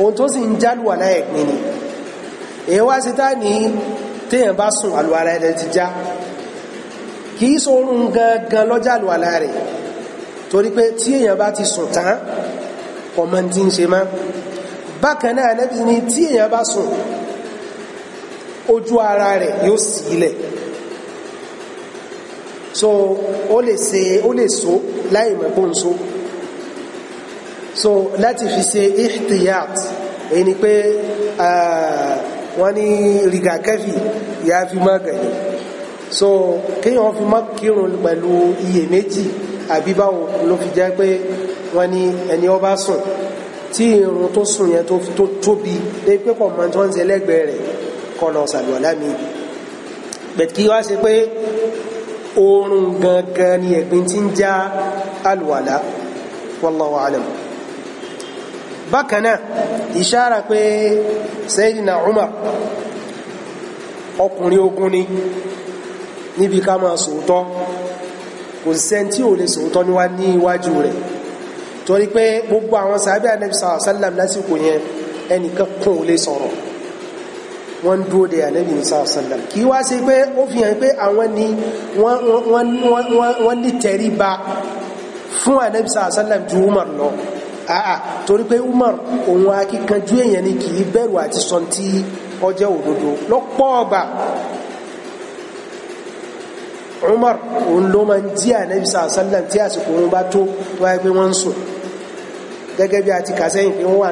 ohun tó sì ń jálùwà láyẹ̀ gbin ni èyí wá sí tá ní téèyàn bá sùn àlùwàlá rẹ̀ ti já kìí sọ oorun gangan lọ́jà àlùwàlá rẹ̀ torí pé tí èyàn bá ti sùn tán ọmọ tí ń ṣe má bákan náà Ànábì ní tí èyàn bá sùn ojú ara rẹ̀ yóò sì ilẹ̀ so ó lè ṣe ó lè so láì mọ̀ pé ń so so láti fi ṣe ihtiyat èyí ni pé wọ́n ní rigakafi ìyá fi má gẹ̀yìn so kéèyàn fi má kírun pẹ̀lú iyèméjì àbí báwo ló fi jẹ́ pé wọ́n ní ẹni ó bá sùn tí irun tó sùn yẹn tó tóbi lé pé kọ̀ máa tó ń ṣe lẹ́gbẹ̀ẹ́ rẹ̀ kọ́ lọ mi bẹ̀t kí wá ṣe pé oorun gangan ni ẹ̀gbin ti ń já àlùwàlá wallahu alam bákan náà ìṣára pé Sayyidina Umar ọkùnrin ogun ni níbi ká máa sòótọ́ kò sẹ́ni tí ò lè sòótọ́ níwá ní iwájú rẹ̀ torí pé gbogbo àwọn sàábẹ́ Ànábì sallallahu alaihi wasallam lásìkò yẹn ẹnìkan kún ò lè sọ̀rọ̀ wọ́n dúró de Ànábì sallallahu alaihi wasallam kì í wá sí pé ó fi hàn pé àwọn ni wọ́n ní tẹríba fún Ànábì sallallahu ju Umar lọ àà ah, torí pé Umar òun akíkanjú èèyàn ni kì í bẹ̀rù àti sọ tí ọjọ́ òdodo lọ́pọ̀ ọba Umar òun ló máa ń jí ànábi sàá sálàm tí àsìkò òun bá tó tó wáyé pé wọ́n ń sùn gẹ́gẹ́ bí a ti kà sẹ́yìn pé wọ́n wà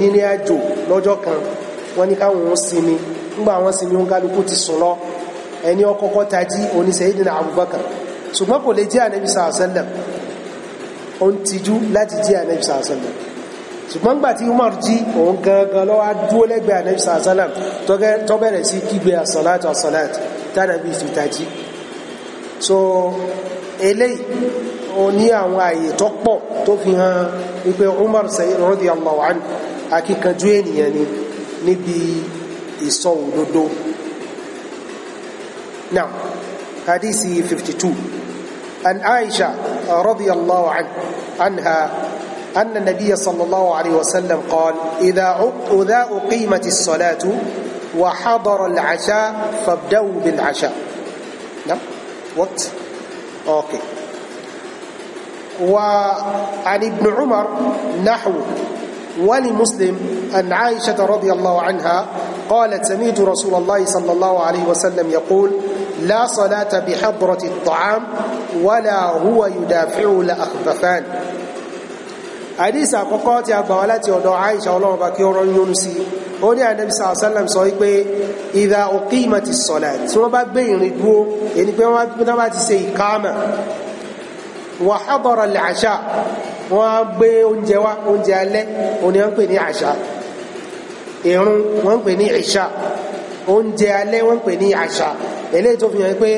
níní àjò lọ́jọ́ kan wọ́n ní káwọn sinmi nígbà wọ́n sinmi òun kálukú ti sùn lọ ẹni ọkọ̀ọ̀kọ̀ tají oníṣẹ́ ìdínà Abubakar ṣùgbọ́n kò lè jí ànábi sàá ó ń tijú láti jí ànábì sàásánà ṣùgbọ́n gbà tí Umar jí òun gangan lọ́wọ́ dúó lẹ́gbẹ̀ẹ́ ànábì sàásánà tó bẹ̀rẹ̀ sí kígbe àsọ̀láàtì àsọ̀láàtì tánàbí fìtàjí so eléyìí ó ní àwọn àyè tó pọ̀ tó fi hàn wípé Umar Sayyid radiyallahu anhu akíkanjú ènìyàn ni níbi ìsọ òdodo now hadisi 52 and Aisha رضي الله عنها أن النبي صلى الله عليه وسلم قال إذا أذاء أقيمت الصلاة وحضر العشاء فابدأوا بالعشاء نعم وقت أوكي وعن ابن عمر نحو ولمسلم أن عائشة رضي الله عنها قالت سمعت رسول الله صلى الله عليه وسلم يقول لا صلاة بحضرة الطعام ولا هو يدافع الأخففان àdísà àkọ́kọ́ tí a gbà wá láti ọ̀dọ̀ àìṣà ọlọ́run bá kí ó rán yónú sí ó ní àdẹ́bísà ọ̀sálàm sọ wípé ìdá òkè ìmọ̀ ti sọ̀lẹ̀ tí wọ́n bá gbé ìrìn dúó èyí pé wọ́n bá ti ṣe ìkáàmà wà hábọ̀rọ̀ lẹ̀ àṣà wọ́n á gbé oúnjẹ wá oúnjẹ alẹ́ òní à ń pè ní àṣà ìrun wọ́n ń pè ní ìṣà oúnjẹ alẹ́ wọ́n ń pè ní àṣà eléyìí tó fi hàn pé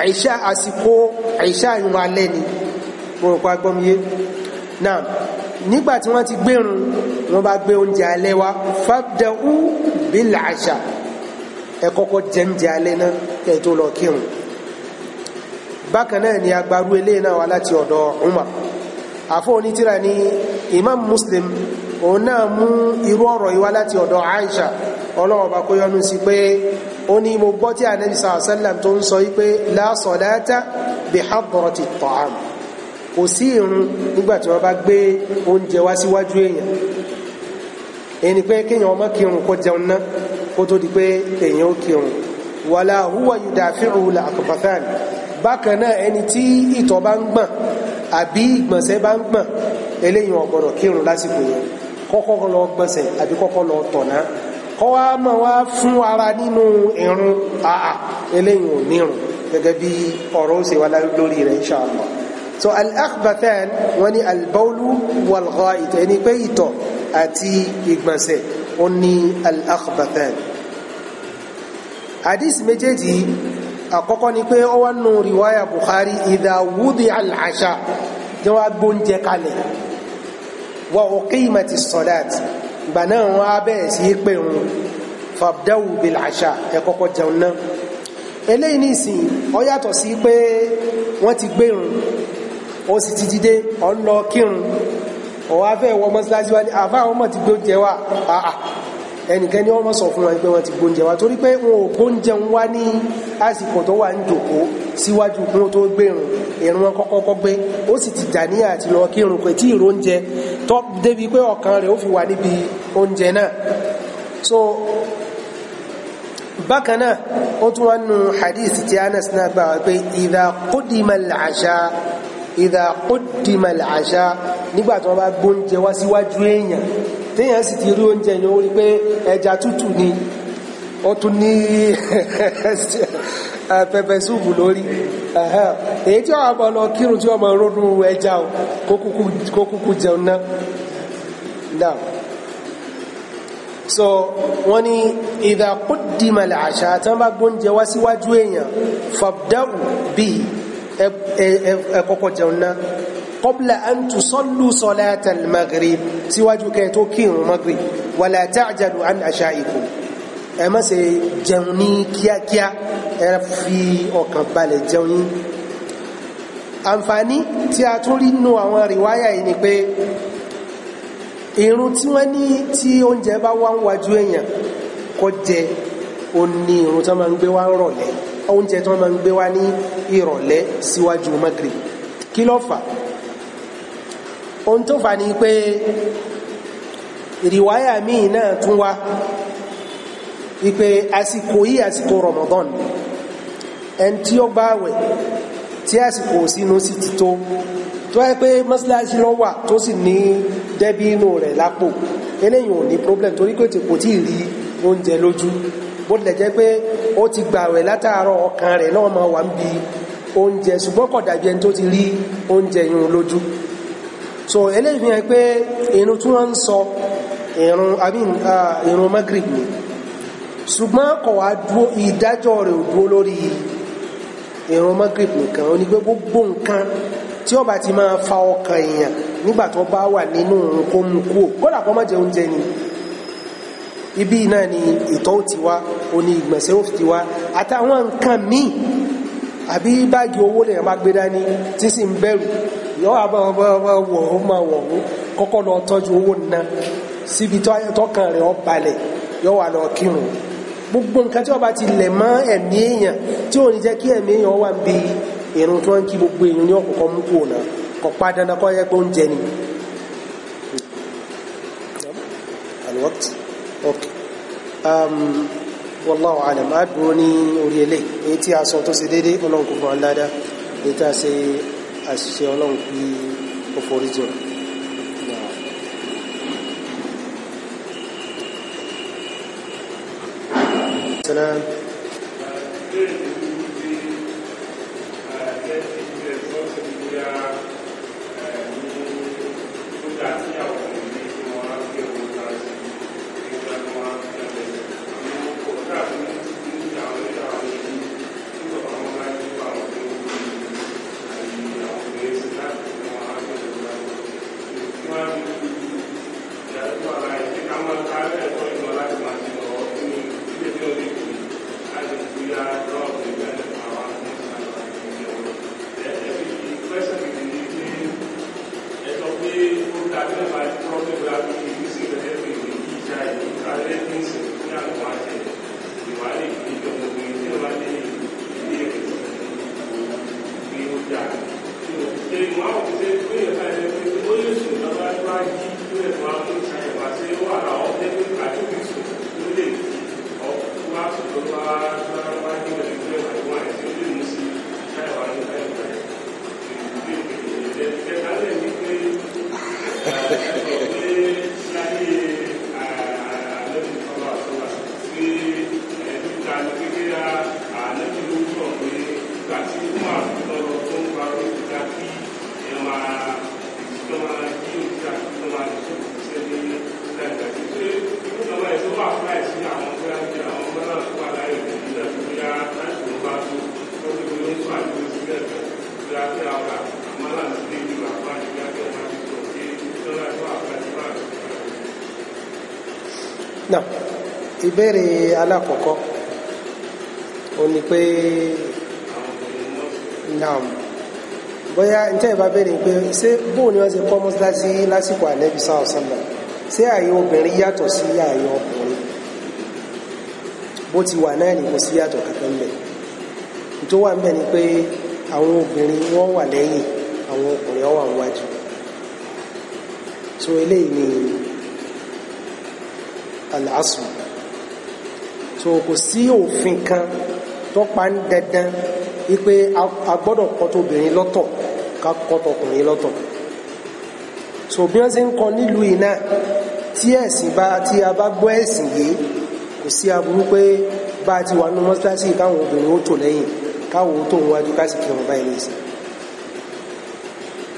àìṣà àsìkò àìṣà ìrun alẹ́ ni mo rò pa gbọ́mìyé náà nígbà tí wọ́n ti gbérun wọ́n bá gbé oúnjẹ alẹ́ wá fàdẹ̀hù bílà àṣà ẹ kọ́kọ́ jẹ́ǹjẹ alẹ́ náà kẹ́ tó lọ kírun bákan náà ni agbarú eléyìí náà wá láti ọ̀dọ̀ Umar àfọ́ onítìrà ni Imam Muslim òun náà mú irú ọ̀rọ̀ yìí wá láti ọ̀dọ̀ Aisha ọlọ́wọ́ bá kó yọnu sí pé ó ní mo gbọ́ tí anabi sàlám tó ń sọ yìí pé la salata bi hadratit ta'am kò sí irun nígbà tí wọ́n bá gbé oúnjẹ wá síwájú èèyàn ẹni pé kéèyàn ọmọ kírun kó jẹun ná kó tó di àbí ìgbọ̀nsẹ̀ bá ń gbọ̀n eléyìí ò gbọ́dọ̀ lásìkò yẹn kọ́kọ́ lọ gbọ̀nsẹ̀ àbí kọ́kọ́ lọ tọ̀nà kọ́ wa mọ̀ wá fún ara nínú irun àà eléyìí ò nírun gẹ́gẹ́ bí ọ̀rọ̀ ó ṣe wá lórí rẹ̀ insha so al-akhbathan wọ́n ní al-bawlu wal-gha'it ẹni pé ìtọ̀ àti ìgbọ̀nsẹ̀ ó ní al-akhbathan hadith méjèèjì àkọ́kọ́ ni pé ó wà nù riwaya Bukhari idha wudi al-asha jẹ́ wá kalẹ̀ wa uqimati salat gbà náà wọn á bẹ̀rẹ̀ sí í pè wọn fabdawu bil asha ẹ kọ́kọ́ jẹun náà eléyìí ní ìsìn ọ yàtọ̀ sí pé wọ́n ti gbérun ó sì ti dìde ọ kírun ọ̀wá fẹ́ wọ mọ́síláṣí wa ní àfáwọn ọmọ ti gbó jẹ wá àà ẹnìkan ni wọ́n mọ́ sọ fún wọn pé wọ́n ti gbóúnjẹ wá torí pé wọn ò gbóúnjẹ wá ní àsìkò tó wà ń jòkó síwájú kí wọ́n tó gbèrún ìrún wọn kọ́kọ́ kọ́ gbé ó sì ti dà ní àti lọ kírun pé tí ìró oúnjẹ tó débi pé ọkàn rẹ̀ ó fi wà níbi oúnjẹ náà so bákan náà ó tún wá nu hadith tí Anas náà gbà wá pé idha qudima al-asha qudima al-asha nígbà tí wọ́n bá gbóúnjẹ wá síwájú èèyàn téèyàn sì ti rí oúnjẹ yẹn ó pé ẹja tútù ni ó tún ní eh, pẹpẹ súùpù lórí èyí tí wọ́n bọ̀ lọ kírun tí mọ ẹja o kó kúkú jẹun náà so wọn ni ìdá kúdìmọ̀ làṣà tí wọ́n bá gbóúnjẹ wá síwájú èèyàn bíi jẹun náà qabla an tusallu salata al-maghrib síwájú kẹ́ tó kírun maghrib wala ta'jalu an ashaikum ẹ má ṣe jẹun ní kíákíá ẹ fi ọkàn balẹ̀ jẹun yín àǹfààní tí a tún rí nínú àwọn rìwáyà yìí ni pé irun tí wọ́n ní tí oúnjẹ bá wá ń wájú èèyàn kó jẹ ó ní irun tó máa ń gbé wá ń rọ̀lẹ́ oúnjẹ tó máa ń gbé wá ní ìrọ̀lẹ́ síwájú maghrib kí ló ohun tó fà ní pé ìrìwáyà míì náà tún wá wípé àsìkò yìí àsìkò Ramadan ẹni tí ó bá wẹ̀ tí àsìkò sínú sí ti tó tó yẹ pé mọ́sálásí lọ wà tó sì ní dẹ́bí inú rẹ̀ lápò eléyìí ò ní problem torí pé kò tí ì rí oúnjẹ lójú bó tilẹ̀ jẹ́ pé ó ti gbàwẹ̀ látàárọ̀ ọkàn rẹ̀ náà máa wà ń bi oúnjẹ ṣùgbọ́n kò dàbí ẹni tó ti rí oúnjẹ yun lójú so eléyìí fi hàn pé irun tí wọ́n ń sọ irun àbí uh, irun magrib ni ṣùgbọ́n kọ̀ wá dúró ìdájọ́ rẹ̀ ò dúró lórí irun magrib nìkan ó ní pé gbogbo nǹkan tí ó bá ti máa fa ọkàn èèyàn nígbà tó bá wà nínú òun kó mú kódà kó má jẹ oúnjẹ ni ibi náà ni ìtọ̀ ti wá oní ìgbọ̀nsẹ̀ ó ti wá àtàwọn nǹkan míì àbí báàgì owó lè máa gbé dání tí sì ń bẹ̀rù yọ àbọ̀wọ̀ ọmọ wọ̀ ó kọ́kọ́ lọ tọ́jú owó ná síbi tọ́kàn rẹ̀ ó balẹ̀ yọ wà lọ kírun gbogbo nǹkan tí ó ti lẹ̀ mọ́ ẹ̀mí èèyàn tí ò ní jẹ́ kí ẹ̀mí èèyàn wà bí irun gbogbo èèyàn ní mú pa dandan kọ́ yẹ pé ni. wallahu alam á dúró ní orí ilé èyí tí a sọ tó ṣe déédéé ọlọ́run kò fún wa èyí tí a ṣe àṣìṣe ọlọ́run kí ó forí السلام náà ìbéèrè alákọ̀ọ́kọ́ ó ní pé náà bóyá ntẹ́ ìbá béèrè pé ṣé bóun ni wọ́n ṣe kọ́ mọ́sálásí lásìkò ànẹ́bí sáà sọ́nà ṣé ààyè obìnrin yàtọ̀ sí ààyè ọkùnrin bó ti wà náà ní kò sí yàtọ̀ kankan ń bẹ tó wà ń bẹ ni pé àwọn obìnrin wọ́n wà lẹ́yìn àwọn ọkùnrin wọ́n wà níwájú so eléyìí ni al-aslu so kò sí òfin kan tó pa ń dandan wípé a gbọ́dọ̀ kọ́tọ̀ obìnrin lọ́tọ̀ ká kọ́tọ̀ ọkùnrin lọ́tọ̀ so bí wọ́n ṣe ń kọ nílùú iná tí ẹ̀sìn bá tí a bá gbọ́ ẹ̀sìn yìí kò sí aburú pé bá a ti wà nínú mọ́sálásí káwọn obìnrin ó tò lẹ́yìn káwọn ó tó ń wájú ká sì kí wọn báyìí nìyí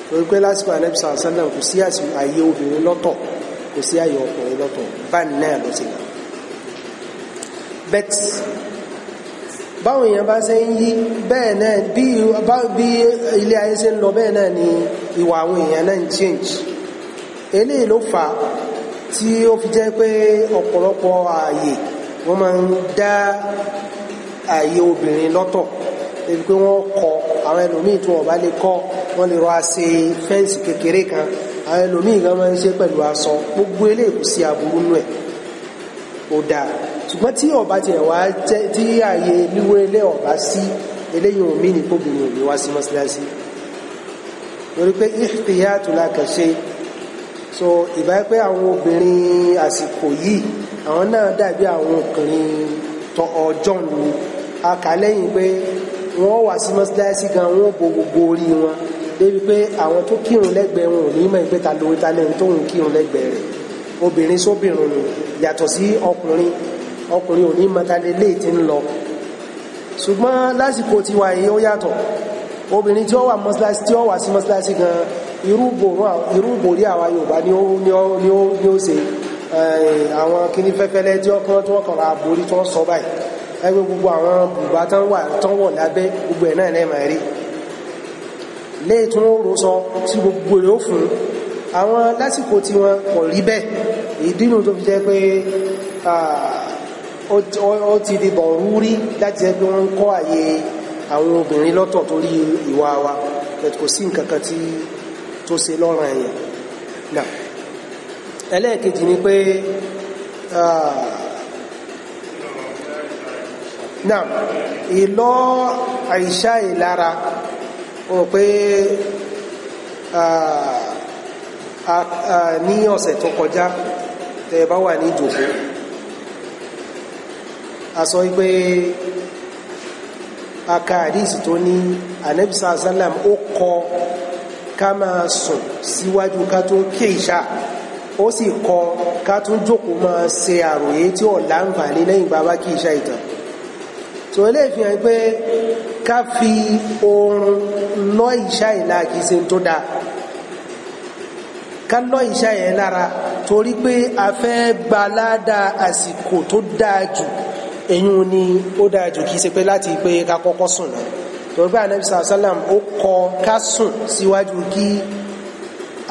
torí pé lásìkò àlẹ́bísà sálẹ̀ kò sí àyè obìnrin lọ́tọ̀ kò sí àyè ọkùnrin lọ́tọ̀ báyìí náà ló ti wà bet báwọn èèyàn bá ṣe ń yí bẹ́ẹ̀ náà bí bí ilé ayé ṣe ń lọ bẹ́ẹ̀ náà ni ìwà àwọn èèyàn náà ń change eléyìí ló fà á tí ó fi jẹ́ pé ọ̀pọ̀lọpọ̀ ààyè wọ́n máa ń dá ààyè obìnrin lọ́tọ̀ ebi pé wọ́n kọ àwọn ẹlòmíì tí wọ́n bá lè kọ́ wọ́n lè rọra ṣe fẹ́ǹsì kékeré kan àwọn ẹlòmíì gan máa ń ṣe pẹ̀lú aṣọ gbogbo eléyìí kò sí aburú nù ẹ̀ ó dáa ṣùgbọ́n tí ọba tiẹ̀ wá jẹ́ tí ààyè wíwé ilé ọba sí eléyìí omi ní kóbìnrin òní wá sí mọ́síláṣí lórí pé ihtiyatu la kàn so ìbá pé àwọn obìnrin àsìkò yìí àwọn náà dàbí àwọn ọkùnrin tọ ọjọ́ ni a kà lẹ́yìn pé wọ́n wà sí mọ́síláṣí gan wọ́n bo gbogbo orí wọn débi pé àwọn tó kírun lẹ́gbẹ̀ẹ́ wọn ò ní mọ̀ pé ta ló ta lẹ́yìn tó ń kírun lẹ́gbẹ̀ẹ́ rẹ̀ obìnrin sóbìnrin nù yàtọ̀ sí ọkùnrin ọkùnrin ò ní mọ̀ ta lè léè ti ń lọ ṣùgbọ́n lásìkò tiwa yìí ó yàtọ̀ obìnrin tí ó wà mọ́sálásí tí ó wà sí mọ́sálásí gan irúgbò rí àwa Yorùbá ni ó ṣe eh, àwọn kíní fẹ́fẹ́lẹ́ tí ó kán tí wọ́n kàn borí tí wọ́n sọ báyìí ẹgbẹ́ gbogbo àwọn bùbá tán wọ̀ lábẹ́ gbogbo ẹ̀ náà lẹ́ẹ̀ léè tún ó rò sọ tí gbogbo rẹ̀ ó fún àwọn lásìkò tí wọn kò rí bẹ́ẹ̀ ìdínú tó fi jẹ́ pé ó ti di bọ̀rúrí láti jẹ́ pé wọ́n ń kọ́ àyè àwọn obìnrin lọ́tọ̀ torí ìwà wa kò sí nǹkan kan tí tó ṣe lọ́ràn ẹ̀yàn náà ẹlẹ́ẹ̀kejì ni pé náà àìṣá ìlara o pé ní ọ̀sẹ̀ tó kọjá tẹ́ bá wà ní ìjòkó a sọ pé aka àdísì tó ní anẹ́bísà sálàm ó kọ ká máa sùn síwájú ká tó kí ìṣà ó sì kọ ká tún jókòó máa ṣe àròyé tí ó láǹfààní lẹ́yìn bàbá kí ìṣà ìtàn tó lè fi hàn pé ká fi oorun lọ ìṣá ìlà kìí ṣe tó dáa ká lọ ìṣá yẹn lára torí pé a fẹ́ gba ládàá àsìkò tó dáa jù èyún ni ó dáa jù kìí ṣe pé láti pé ká kọ́kọ́ sùn náà torí pé anabi sàlám ó kọ ká sùn síwájú kí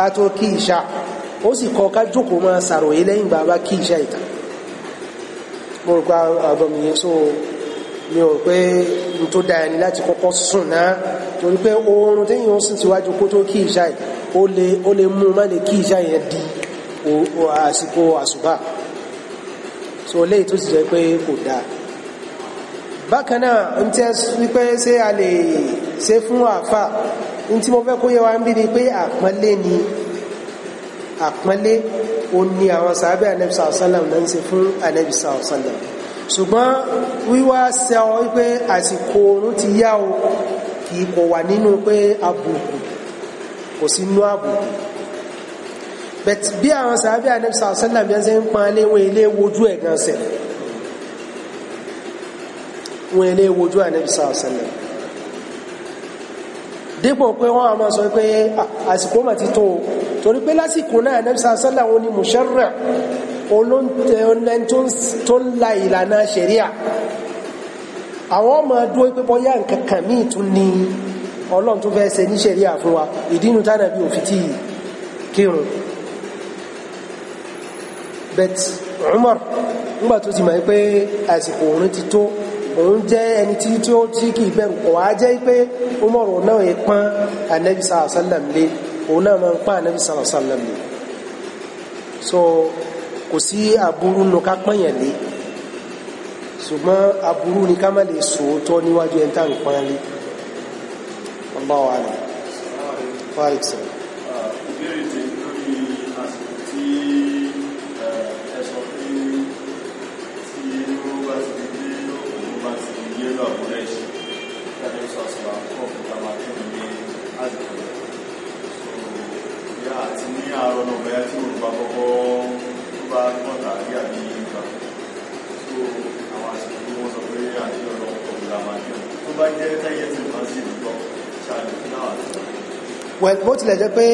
a tó kí ìṣá ó sì kọ ká jókòó máa ṣàròyé lẹ́yìn bàbá kí ìṣá ìta mo rò pé àbọ̀mìyẹn so Ni ò pé n tó da ẹni láti kọ́kọ́ sùn náà torí pé oorun tí yíò sì tiwájú kó tó kí ìṣá yìí ó lè ó lè mú má lè kí ìṣá yẹn di àsìkò àsùbà so léyìí tó sì jẹ́ pé kò dáa bákan n tẹ́ wípé ṣé a lè ṣe fún àáfà n tí mo fẹ́ kó yẹ wa ń bí ni pé àpọ́nlé ni àpọ́nlé ó ní àwọn sàábẹ́ anẹ́bísà ọ̀sálàm náà ń ṣe fún anẹ́bísà ọ̀sálàm ṣùgbọ́n wíwá sẹ ọ wípé àsìkò oorun ti yá o kì í kò wà nínú pé àbùkù kò sí inú àbùkù bẹ̀t bí àwọn sàábí ànẹ́bísà ọ̀sẹ́là bí wọ́n ṣe ń pan léwọn ilé wojú ẹ̀ gan sẹ̀ wọn ilé wojú ànẹ́bísà ọ̀sẹ́là dípò pé wọ́n a máa sọ pé àsìkò mà ti tó torí pé lásìkò náà ànẹ́bísà ọ̀sẹ́là wọn ni mùsẹ́rẹ̀ olóńtẹ tó ń la ìlànà ṣẹ̀ríà àwọn ọmọ dúró pé bọ́yá nǹkan kan míì tún ni ọlọ́run tó fẹ́ ṣe ní ṣẹ̀ríà fún wa ìdínú tánà bí òfin tí kírun bet Umar nígbà tó ti mọ̀ pé àsìkò òun ti tó òun jẹ́ ẹni tí tí ó tí kì bẹ̀rù kọ̀ wá jẹ́ pé Umar òun náà yẹ pọ́n anabi sallallahu lé òun náà máa ń pọ́n anabi sallallahu lé so kò sí aburú nù ká pọ́nyàn lé ṣùgbọ́n aburú ni ká má lè sòótọ́ níwájú ẹni tá à ń pọ́n lé ọba wa rẹ̀ fáìlì sọ̀rọ̀. àti ní àárọ̀ náà bẹ̀rẹ̀ tí mo bá kọ́kọ́ bá gbọ́ta àbí àbí ìgbà tó àwọn àsìkò tí wọ́n sọ pé àti ọ̀rọ̀ ọ̀pọ̀ máa jẹun tó bá jẹ́ tẹ́yẹ tí wọ́n sì lùtọ́ ṣáàlù fún àwọn àti bó tilẹ̀ jẹ́ pé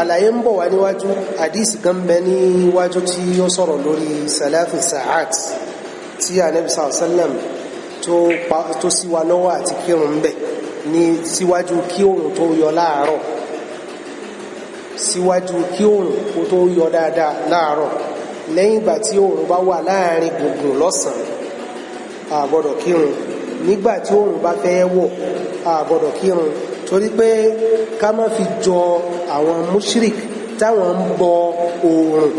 àlàyé ń bọ̀ wá níwájú àdísì kan bẹ níwájú tí ó sọ̀rọ̀ lórí salafi sa'at tí anabi sallam tó síwa lọ́wọ́ àti kírun ń bẹ̀ ní síwájú kí oòrùn tó yọ láàárọ̀ síwájú kí oòrùn tó yọ dáadáa láàárọ̀ lẹ́yìn ìgbà tí oòrùn bá wà láàrin gbùngbùn lọ́sàn-án a gbọ́dọ̀ kírun nígbà tí oòrùn bá fẹ́ wọ̀ a gbọ́dọ̀ kírun torí pé ká má fi jọ àwọn mushrik táwọn ń bọ oòrùn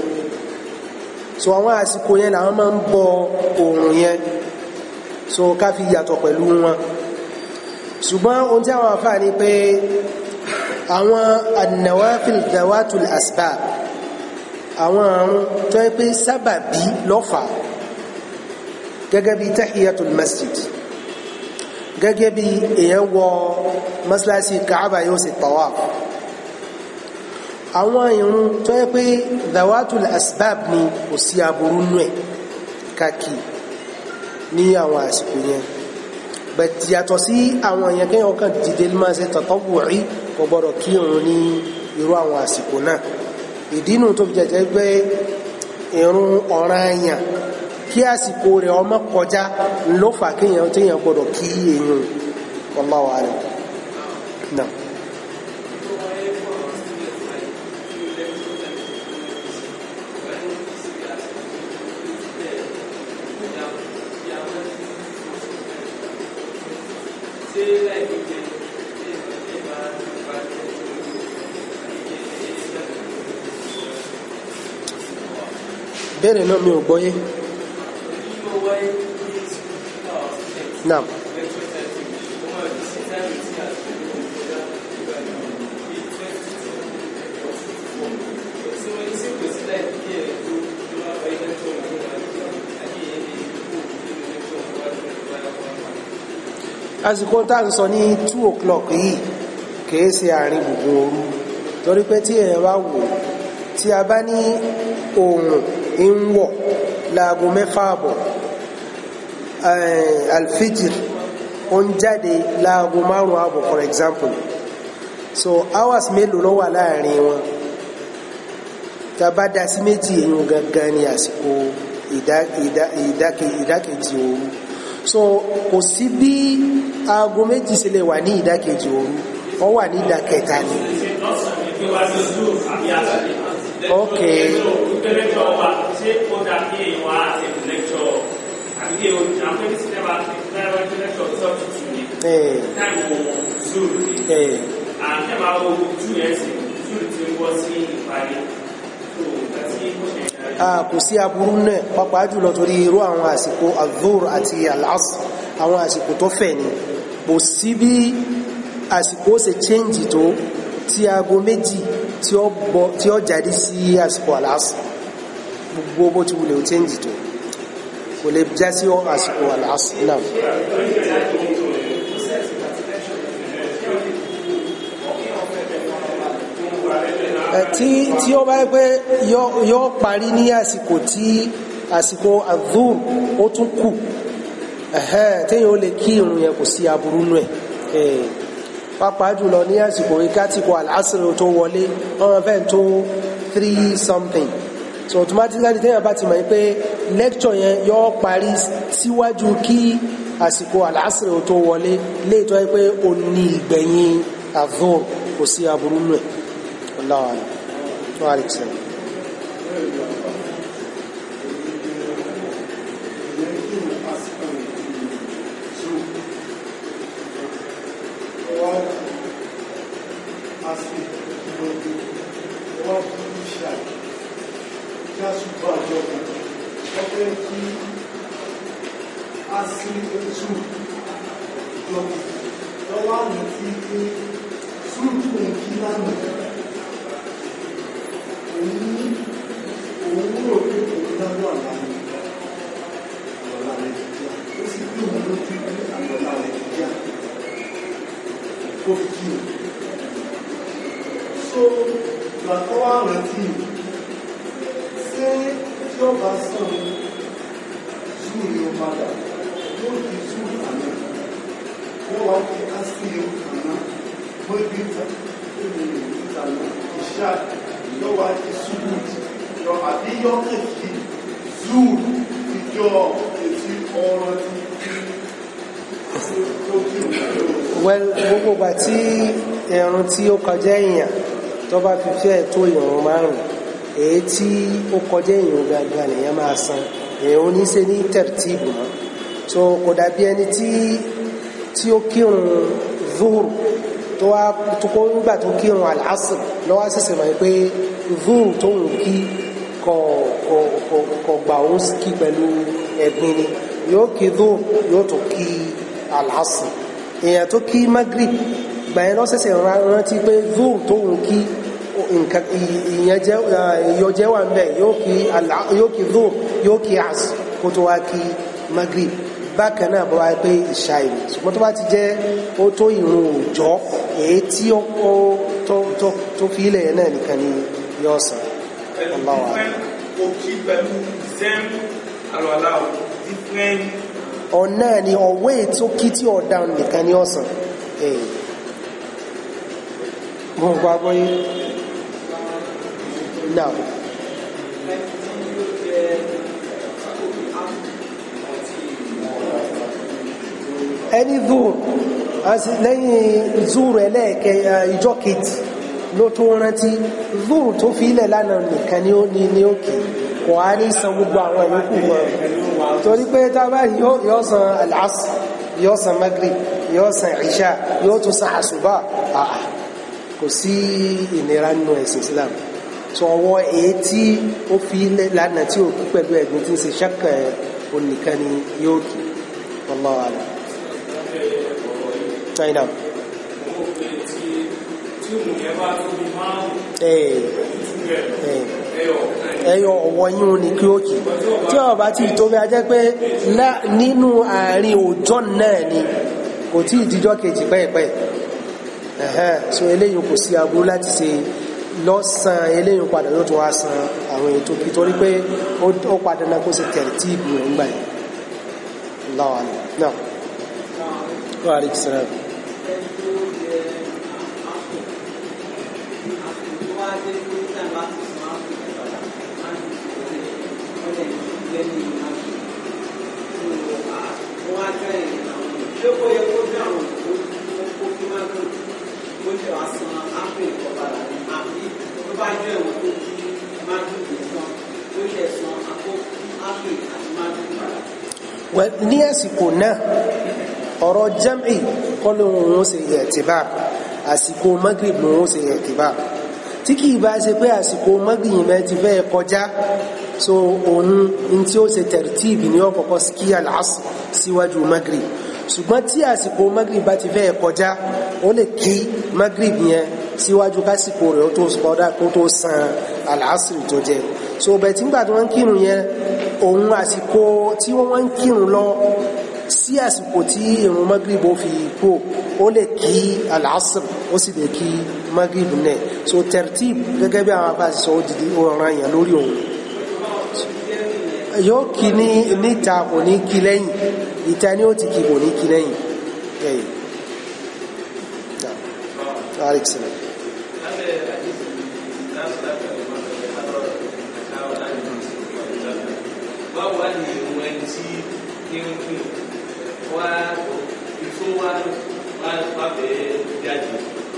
so àwọn àsìkò yẹn làwọn máa ń bọ oòrùn yẹn so ká fi yàtọ̀ pẹ̀lú wọn ṣùgbọ́n ohun tí àwọn àfáà ni pé àwọn an-nawafil dhawatul asbab àwọn àrùn tó yẹ pé sábàbí lọ́fà gẹ́gẹ́ bí tahiyatul masjid gẹ́gẹ́ bí èèyàn wọ mọ́sálásí Kaaba yóò sì tawaf àwọn irun tó yẹ pé dawatul asbab ni kò sí aburú nù ẹ̀ kàkì ní àwọn àsìkò yẹn bẹ̀tì yàtọ̀ sí àwọn èèyàn kéèyàn kan dìde máa ṣe tọ̀tọ̀ wùrí kò gbọ́dọ̀ kí irun ní irú àwọn àsìkò náà ìdínú tó fi jẹjẹ pé irun ọ̀ranyàn kí àsìkò rẹ̀ ọmọ kọjá ló fà kéèyàn téèyàn gbọdọ̀ kí èèyàn wallahu alam náà. ìbéèrè náà mi ò gbọ́yé. Naam. àsìkò tá ń sọ ní two o'clock yìí kìí se àárín gbogbo òru torí pé tí èèyàn bá wò tí a bá ní oòrùn ń wọ̀ láago mẹ́fà àbọ̀ eh, alfijir ó ń jáde láago márùn àbọ̀ for example so hours mélòó ló wà láàrin wọn tabada sí méjì èèyàn gangan ni àsìkò ìdákejì òru so kò sí bí aago méjì ṣe lè wà ní ìdákejì òru ó wà ní ìdákẹta ni. ok. okay, I'm going to kò sí aburú náà pàápàá jùlọ torí irú àwọn àsìkò azur àti alas àwọn àsìkò tó fẹ̀ ni kò sí bí àsìkò ṣe change tó tí aago méjì tí ó jáde sí àsìkò alas gbogbo bó ti wulẹ̀ ó change tó kò lè já sí àsìkò àlàásílàm tí tí ó bá pé yọ parí ní àsìkò tí àsìkò àdúr ó tún kù téèyàn ó lè kí irun yẹn kò sí aburú nù ẹ pàápàá jùlọ ní àsìkò ìkátìkò àlàásìlò tó wọlé ọmọ fẹ́ tó three something so automatically téèyàn bá ti mọ̀ pé lecture yẹn yọ parí síwájú kí àsìkò àlàásìrè ò tó wọlé léètọ́ pé o ní ìgbẹ̀yìn àvọ́n kò sí aburú lẹ̀ ọláwàá tó àlèkùsẹ̀ Thank you ẹgbẹ́ kí a sí ojú jọ lọ́wọ́ àmì tí kí súrùkù ń kí lánàá òun ní òun rò o. so gbàtọ́ àrántí mi. well gbogbo ìgbà tí ẹ̀rùn tí ó kọjá èèyàn tó bá fi fẹ́ tó ìrùn márùn èyí tí ó kọjá èèyàn gbàgbà nìyẹn máa san èèyàn ò ní ṣe ní tẹ̀rìtìbù mọ́ so kò dàbí ẹni tí tí ó kírun zuhur tó wá tó nígbà tó kírun al lọ́wọ́ ṣẹ̀ṣẹ̀ mọ̀ pé zuhur tó ń kí kọ̀ gbà ó kí pẹ̀lú ẹ̀gbin ni yóò kí dó yóò tó kí àlàásì èèyàn tó kí magrib gbàyẹn lọ́sẹ̀sẹ̀ rántí pé dó tóun kí ìyànjẹ́ wà ń bẹ̀ yóò kí dó yóò kí às kó tó wá kí magrib bákan náà bọ́ wá pé ìṣá ṣùgbọ́n tó bá ti jẹ́ ó tó ìrun òòjọ́ èyí tí ó tó fi ilẹ̀ náà nìkan ni yóò sàn. ẹni pẹ̀lú zẹ́mù alọ́lá ò different. ọ̀nà ni ọ̀wé tó kí tí ọ̀dà nìkan ní ọ̀sán mo gba gbọ́yé now. ẹni zuur lẹ́yìn zuur ẹlẹ́ẹ̀kẹ́ ìjọ kejì ló tó rántí zuur tó fi ilẹ̀ lánàá nìkan ni ó kì í kò á ní san gbogbo àwọn ìlúkù mọ́ torí pé tábà yóò san alas yóò san magrib yóò san isha yóò tún san àṣùbà àà kò sí ìnira nínú ẹ̀sìn Islam tọwọ́ èyí tí ó fi lánà tí ó kú pẹ̀lú ẹ̀gbìn tí ń ṣe ṣẹ́kẹ̀ onìkan ni yóò kí wallahu China. Ee. Ee ẹyọ ọwọ́ yín ni kí ó kì tí ó bá ti tó bí a jẹ́ pé nínú àárín òjò náà ni kò tí ìdíjọ́ kejì pẹ́ẹ̀pẹ́ so eléyìn kò sí aburú láti ṣe lọ́sàn eléyìn padà ló tún wá san àwọn ètò kí torí pé ó padà náà kó sì tẹ̀lé tí ìbù rẹ̀ ń gbà yìí láwa náà. Wa alaikum salaam. jẹ́ ní ìlànà tó wọ́n á tẹ́ ìlànà ṣé kó yẹ kó dé àwọn òkú kí máa àsìkò náà ọ̀rọ̀ jẹ́mì kọ́ ló ń wọ́n ṣe ẹ̀tìbá àsìkò magrib ló ń wọ́n ṣe ẹ̀tìbá tí kì bá ṣe pé àsìkò magrib yìí mẹ́ ti fẹ́ kọjá so òun ní tí ó ṣe tẹ̀rìtìbì ní ọ̀kọ̀ọ̀kọ̀ kí àlàásù síwájú magrib ṣùgbọ́n tí àsìkò magrib bá ti fẹ́ kọjá ó lè kí magrib yẹn síwájú kásìkò rẹ̀ tó tó san àlàásù tó jẹ so bẹ̀tí ńgbà tí wọ́n ń kírun yẹn òun àsìkò tí wọ́n ń kírun lọ sí àsìkò tí ìrun magrib ó fi kú ó lè kí al ó sì lè kí magrib náà so tertib gẹ́gẹ́ bí àwọn abáṣiṣọ́ ó di ọ̀ranyàn lórí òun yóò kí ní níta kò ní kí lẹ́yìn ìta ni ó ti kí kò ní kí lẹ́yìn ẹ̀yìn kí ń kí wá ìtún wá wá bẹ̀ẹ́ jáde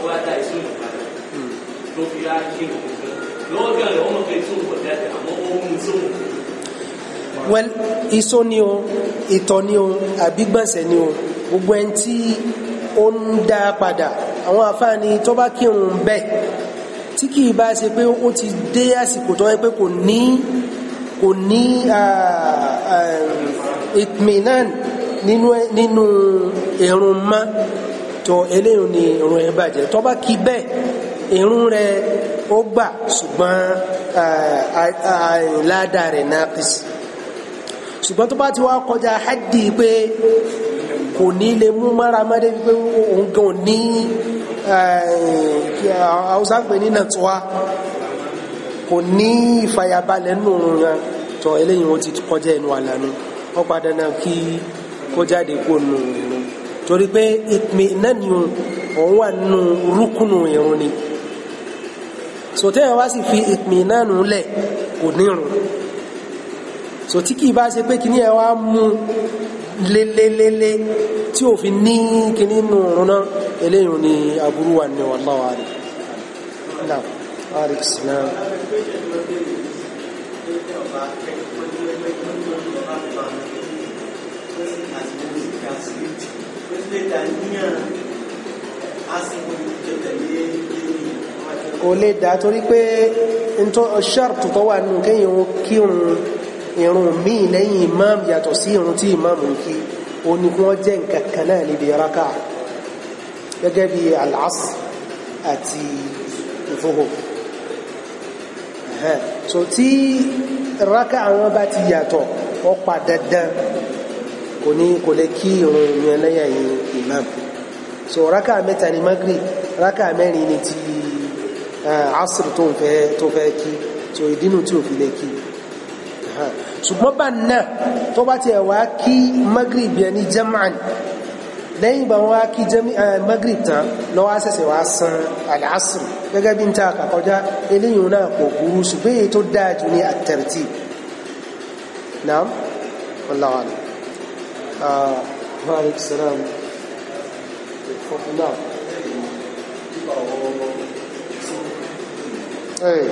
wá dá ìtún hmm. ó mú well iṣó ni o ìtọ̀ ni o àbígbọ̀nsẹ̀ ni o gbogbo ẹni tí ó ń dá padà àwọn àfáàní tó bá kírun bẹ́ẹ̀ tí kì í bá ṣe pé ó ti dé àsìkò tó yẹ pé kò ní kò ní ìtmìnán nínú ìrun mọ́ tó eléyìí ni ìrun ẹ bàjẹ́ tó bá kí bẹ́ẹ̀ ìrun rẹ ó gbà ṣùgbọ́n àìládà rẹ̀ náà pèsè ṣùgbọ́n tó bá ti wá kọjá hádì pé kò ní lè mú mára mọ́dé pé òun gan ní eh, haúsá pé ní nàtúwá kò ní ìfàyàbalẹ̀ nù rán tọ eléyìí wọn ti kọjá ẹnu àlànà wọn padà náà kí kó jáde kó nù ìrún torí pé ìpè náà ni òun wà nù rúkúnù ìrún ni sòtẹ́yìn sì fi ìpè náà nù lẹ̀ kò ní ìrún so tí kìí bá ṣe pé kìíní ẹ wá mú lélélélé tí ò fi ní kìíní nù rúná eléyìí ni aburú wà ní wallahu alim náà wàhálà ìsìlámù. kò lè dá torí pé ṣáàtù tó wà nù kéèyàn kírun irun míì lẹ́yìn imam yàtọ̀ sí irun tí imam ń kí ó ní kí wọ́n jẹ́ nǹkan kan náà níbi raka gẹ́gẹ́ bí al àti ìfowó so tí raka àwọn bá ti yàtọ̀ ó pa dandan kò ní kò lè kí irun yẹn lẹ́yìn imam so raka mẹ́ta ni maghrib raka mẹ́rin ni ti eh, asr tó ń fẹ́ tó kí so ìdínú tí ò fi lè kí. huh ṣùgbọ́n bá náà tó bá ti ẹ̀wà kí magrib yẹn ní jam'an lẹ́yìn ìgbà wọn wá kí magrib tán lọ́wọ́ sẹ̀sẹ̀ wá san al-asr gẹ́gẹ́ bí n ta àkàkọjá eléyìí náà kò burú ṣùgbọ́n tó dáa jù ní at Hey.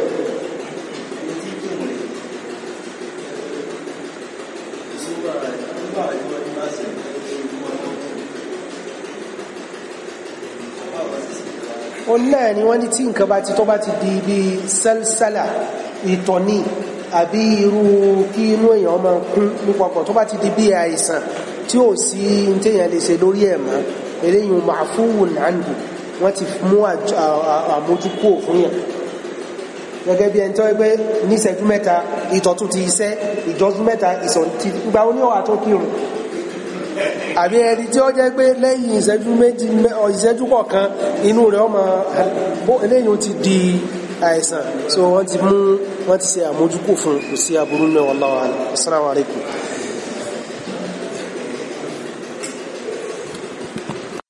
òun náà ni wọ́n ní tí nǹkan bá ti tó bá ti di bí sẹ́lsẹ́là ìtọ̀ni àbí irú kí inú èèyàn máa kún nípapọ̀ tó bá ti di bí àìsàn tí ò sí téèyàn lè ṣe lórí ẹ̀ mọ́ eléyìí màfúwùn àǹdù wọ́n ti mú àmójúkú òfin yẹn gẹ́gẹ́ bí ẹni tó gbé ní ìṣẹ́jú mẹ́ta ìtọ̀tún ti iṣẹ́ ìjọ́jú mẹ́ta ìsọ̀ntì gba oníwà tó àbí di àìsàn so wọ́n ti mú wọ́n ti